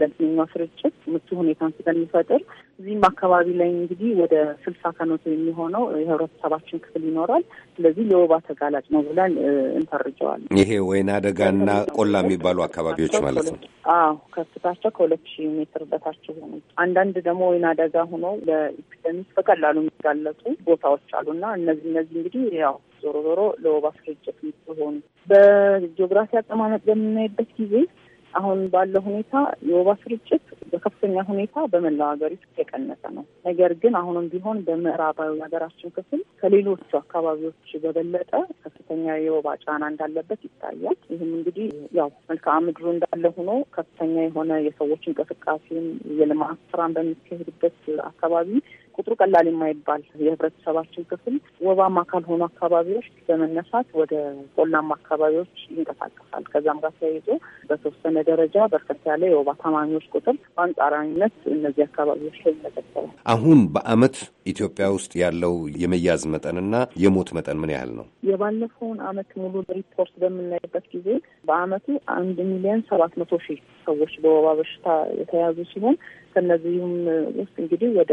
ለትንኛ ስርጭት ምቹ ሁኔታን ስለሚፈጥር እዚህም አካባቢ ላይ እንግዲህ ወደ ስልሳ ከመቶ የሚሆነው የህብረተሰባችን ክፍል ይኖራል። ስለዚህ ለወባ ተጋላጭ ነው ብለን እንፈርጀዋል። ይሄ ወይና ደጋና ቆላ የሚባሉ አካባቢዎች ማለት ነው። አዎ ከፍታቸው ከሁለት ሺህ ሜትር በታች ሆኑ አንዳንድ ደግሞ ወይና ደጋ ሆኖ ለኢፒደሚክ በቀላሉ የሚጋለጡ ቦታዎች አሉና እነዚህ እነዚህ እንግዲህ ስለዚህ ያው ዞሮ ዞሮ ለወባ ስርጭት ሆኑ። በጂኦግራፊ አቀማመጥ በምናይበት ጊዜ አሁን ባለው ሁኔታ የወባ ስርጭት በከፍተኛ ሁኔታ በመላው ሀገሪቱ የቀነሰ ነው። ነገር ግን አሁንም ቢሆን በምዕራባዊ ሀገራችን ክፍል ከሌሎቹ አካባቢዎች በበለጠ ከፍተኛ የወባ ጫና እንዳለበት ይታያል። ይህም እንግዲህ ያው መልክዓ ምድሩ እንዳለ ሆኖ ከፍተኛ የሆነ የሰዎች እንቅስቃሴም የልማት ስራን በሚካሄድበት አካባቢ ቁጥሩ ቀላል የማይባል የህብረተሰባችን ክፍል ወባማ ካልሆኑ አካባቢዎች በመነሳት ወደ ቆላማ አካባቢዎች ይንቀሳቀሳል። ከዛም ጋር ተያይዞ በተወሰነ ደረጃ በርከት ያለ የወባ ታማሚዎች ቁጥር በአንጻራዊነት እነዚህ አካባቢዎች ላይ ይመዘገባል። አሁን በአመት ኢትዮጵያ ውስጥ ያለው የመያዝ መጠንና የሞት መጠን ምን ያህል ነው? የባለፈውን አመት ሙሉ ሪፖርት በምናይበት ጊዜ በአመቱ አንድ ሚሊዮን ሰባት መቶ ሺህ ሰዎች በወባ በሽታ የተያዙ ሲሆን ከነዚህም ውስጥ እንግዲህ ወደ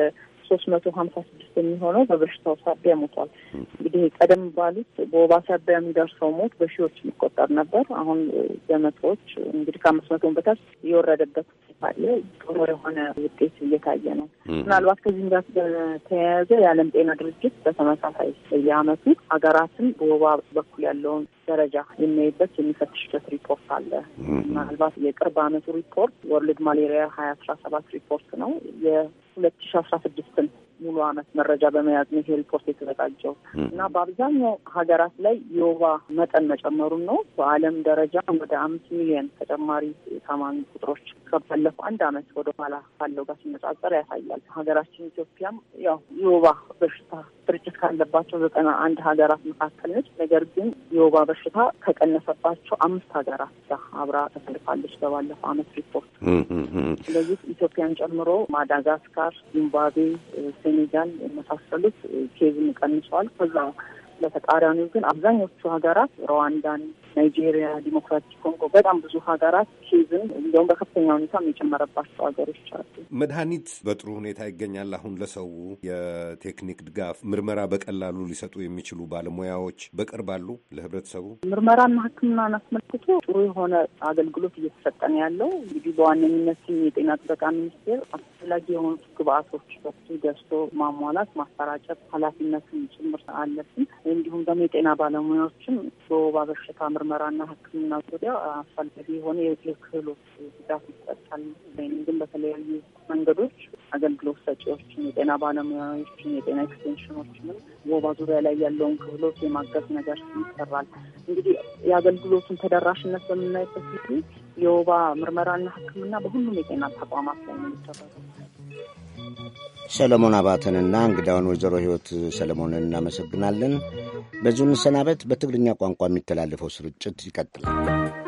ሶስት መቶ ሀምሳ ስድስት የሚሆነው በበሽታው ሳቢያ ሞቷል። እንግዲህ ቀደም ባሉት በወባ ሳቢያ የሚደርሰው ሞት በሺዎች የሚቆጠር ነበር። አሁን በመቶዎች እንግዲህ ከአምስት መቶን በታች እየወረደበት ሳለ ጥሩ የሆነ ውጤት እየታየ ነው። ምናልባት ከዚህም ጋር በተያያዘ የዓለም ጤና ድርጅት በተመሳሳይ የአመቱ ሀገራትን በወባ በኩል ያለውን ደረጃ የሚያይበት የሚፈትሽበት ሪፖርት አለ። ምናልባት የቅርብ አመቱ ሪፖርት ወርልድ ማሌሪያ ሀያ አስራ ሰባት ሪፖርት ነው ሁለት ሺ አስራ ስድስትን ሙሉ አመት መረጃ በመያዝ ነው ይሄ ሪፖርት የተዘጋጀው እና በአብዛኛው ሀገራት ላይ የወባ መጠን መጨመሩን ነው። በዓለም ደረጃ ወደ አምስት ሚሊዮን ተጨማሪ ታማሚ ቁጥሮች ከባለፈው አንድ አመት ወደኋላ ካለው ጋር ሲነጻጸር ያሳያል። ሀገራችን ኢትዮጵያም ያው የወባ በሽታ ስርጭት ካለባቸው ዘጠና አንድ ሀገራት መካከል ነች። ነገር ግን የወባ በሽታ ከቀነሰባቸው አምስት ሀገራት ጋር አብራ ተሰልፋለች በባለፈው አመት ሪፖርት። ስለዚህ ኢትዮጵያን ጨምሮ ማዳጋስካር፣ ዚምባብዌ፣ ሴኔጋል የመሳሰሉት ኬዝም ቀንሰዋል። ከዛ ለተቃራኒው ግን አብዛኞቹ ሀገራት ሩዋንዳን፣ ናይጄሪያ፣ ዲሞክራቲክ ኮንጎ በጣም ብዙ ሀገራት ኬዝን እንዲሁም በከፍተኛ ሁኔታ የጨመረባቸው ሀገሮች አሉ። መድኃኒት በጥሩ ሁኔታ ይገኛል። አሁን ለሰው የቴክኒክ ድጋፍ ምርመራ በቀላሉ ሊሰጡ የሚችሉ ባለሙያዎች በቅርብ አሉ። ለህብረተሰቡ ምርመራና ሕክምናን አስመልክቶ ጥሩ የሆነ አገልግሎት እየተሰጠ ነው ያለው። እንግዲህ በዋነኝነት የጤና ጥበቃ ሚኒስቴር አስፈላጊ የሆኑት ግብአቶች በሱ ገዝቶ ማሟላት ማሰራጨት ኃላፊነትን ጭምር አለብን። እንዲሁም ደግሞ የጤና ባለሙያዎችም በወባ በሽታ ምርመራና ሕክምና ዙሪያ አስፈላጊ የሆነ የክህሎት ድጋፍ ይሰጣል። ግን በተለያዩ መንገዶች አገልግሎት ሰጪዎችን፣ የጤና ባለሙያዎችን፣ የጤና ኤክስቴንሽኖችንም ወባ ዙሪያ ላይ ያለውን ክህሎት የማገዝ ነገር ይሰራል። እንግዲህ የአገልግሎቱን ተደራሽነት በምናይበት ጊዜ የወባ ምርመራና ሕክምና በሁሉም የጤና ተቋማት ላይ ነው የሚደረገው። ሰለሞን አባተንና እንግዳውን ወይዘሮ ሕይወት ሰለሞንን እናመሰግናለን። በዚሁ እንሰናበት። በትግርኛ ቋንቋ የሚተላለፈው ስርጭት ይቀጥላል።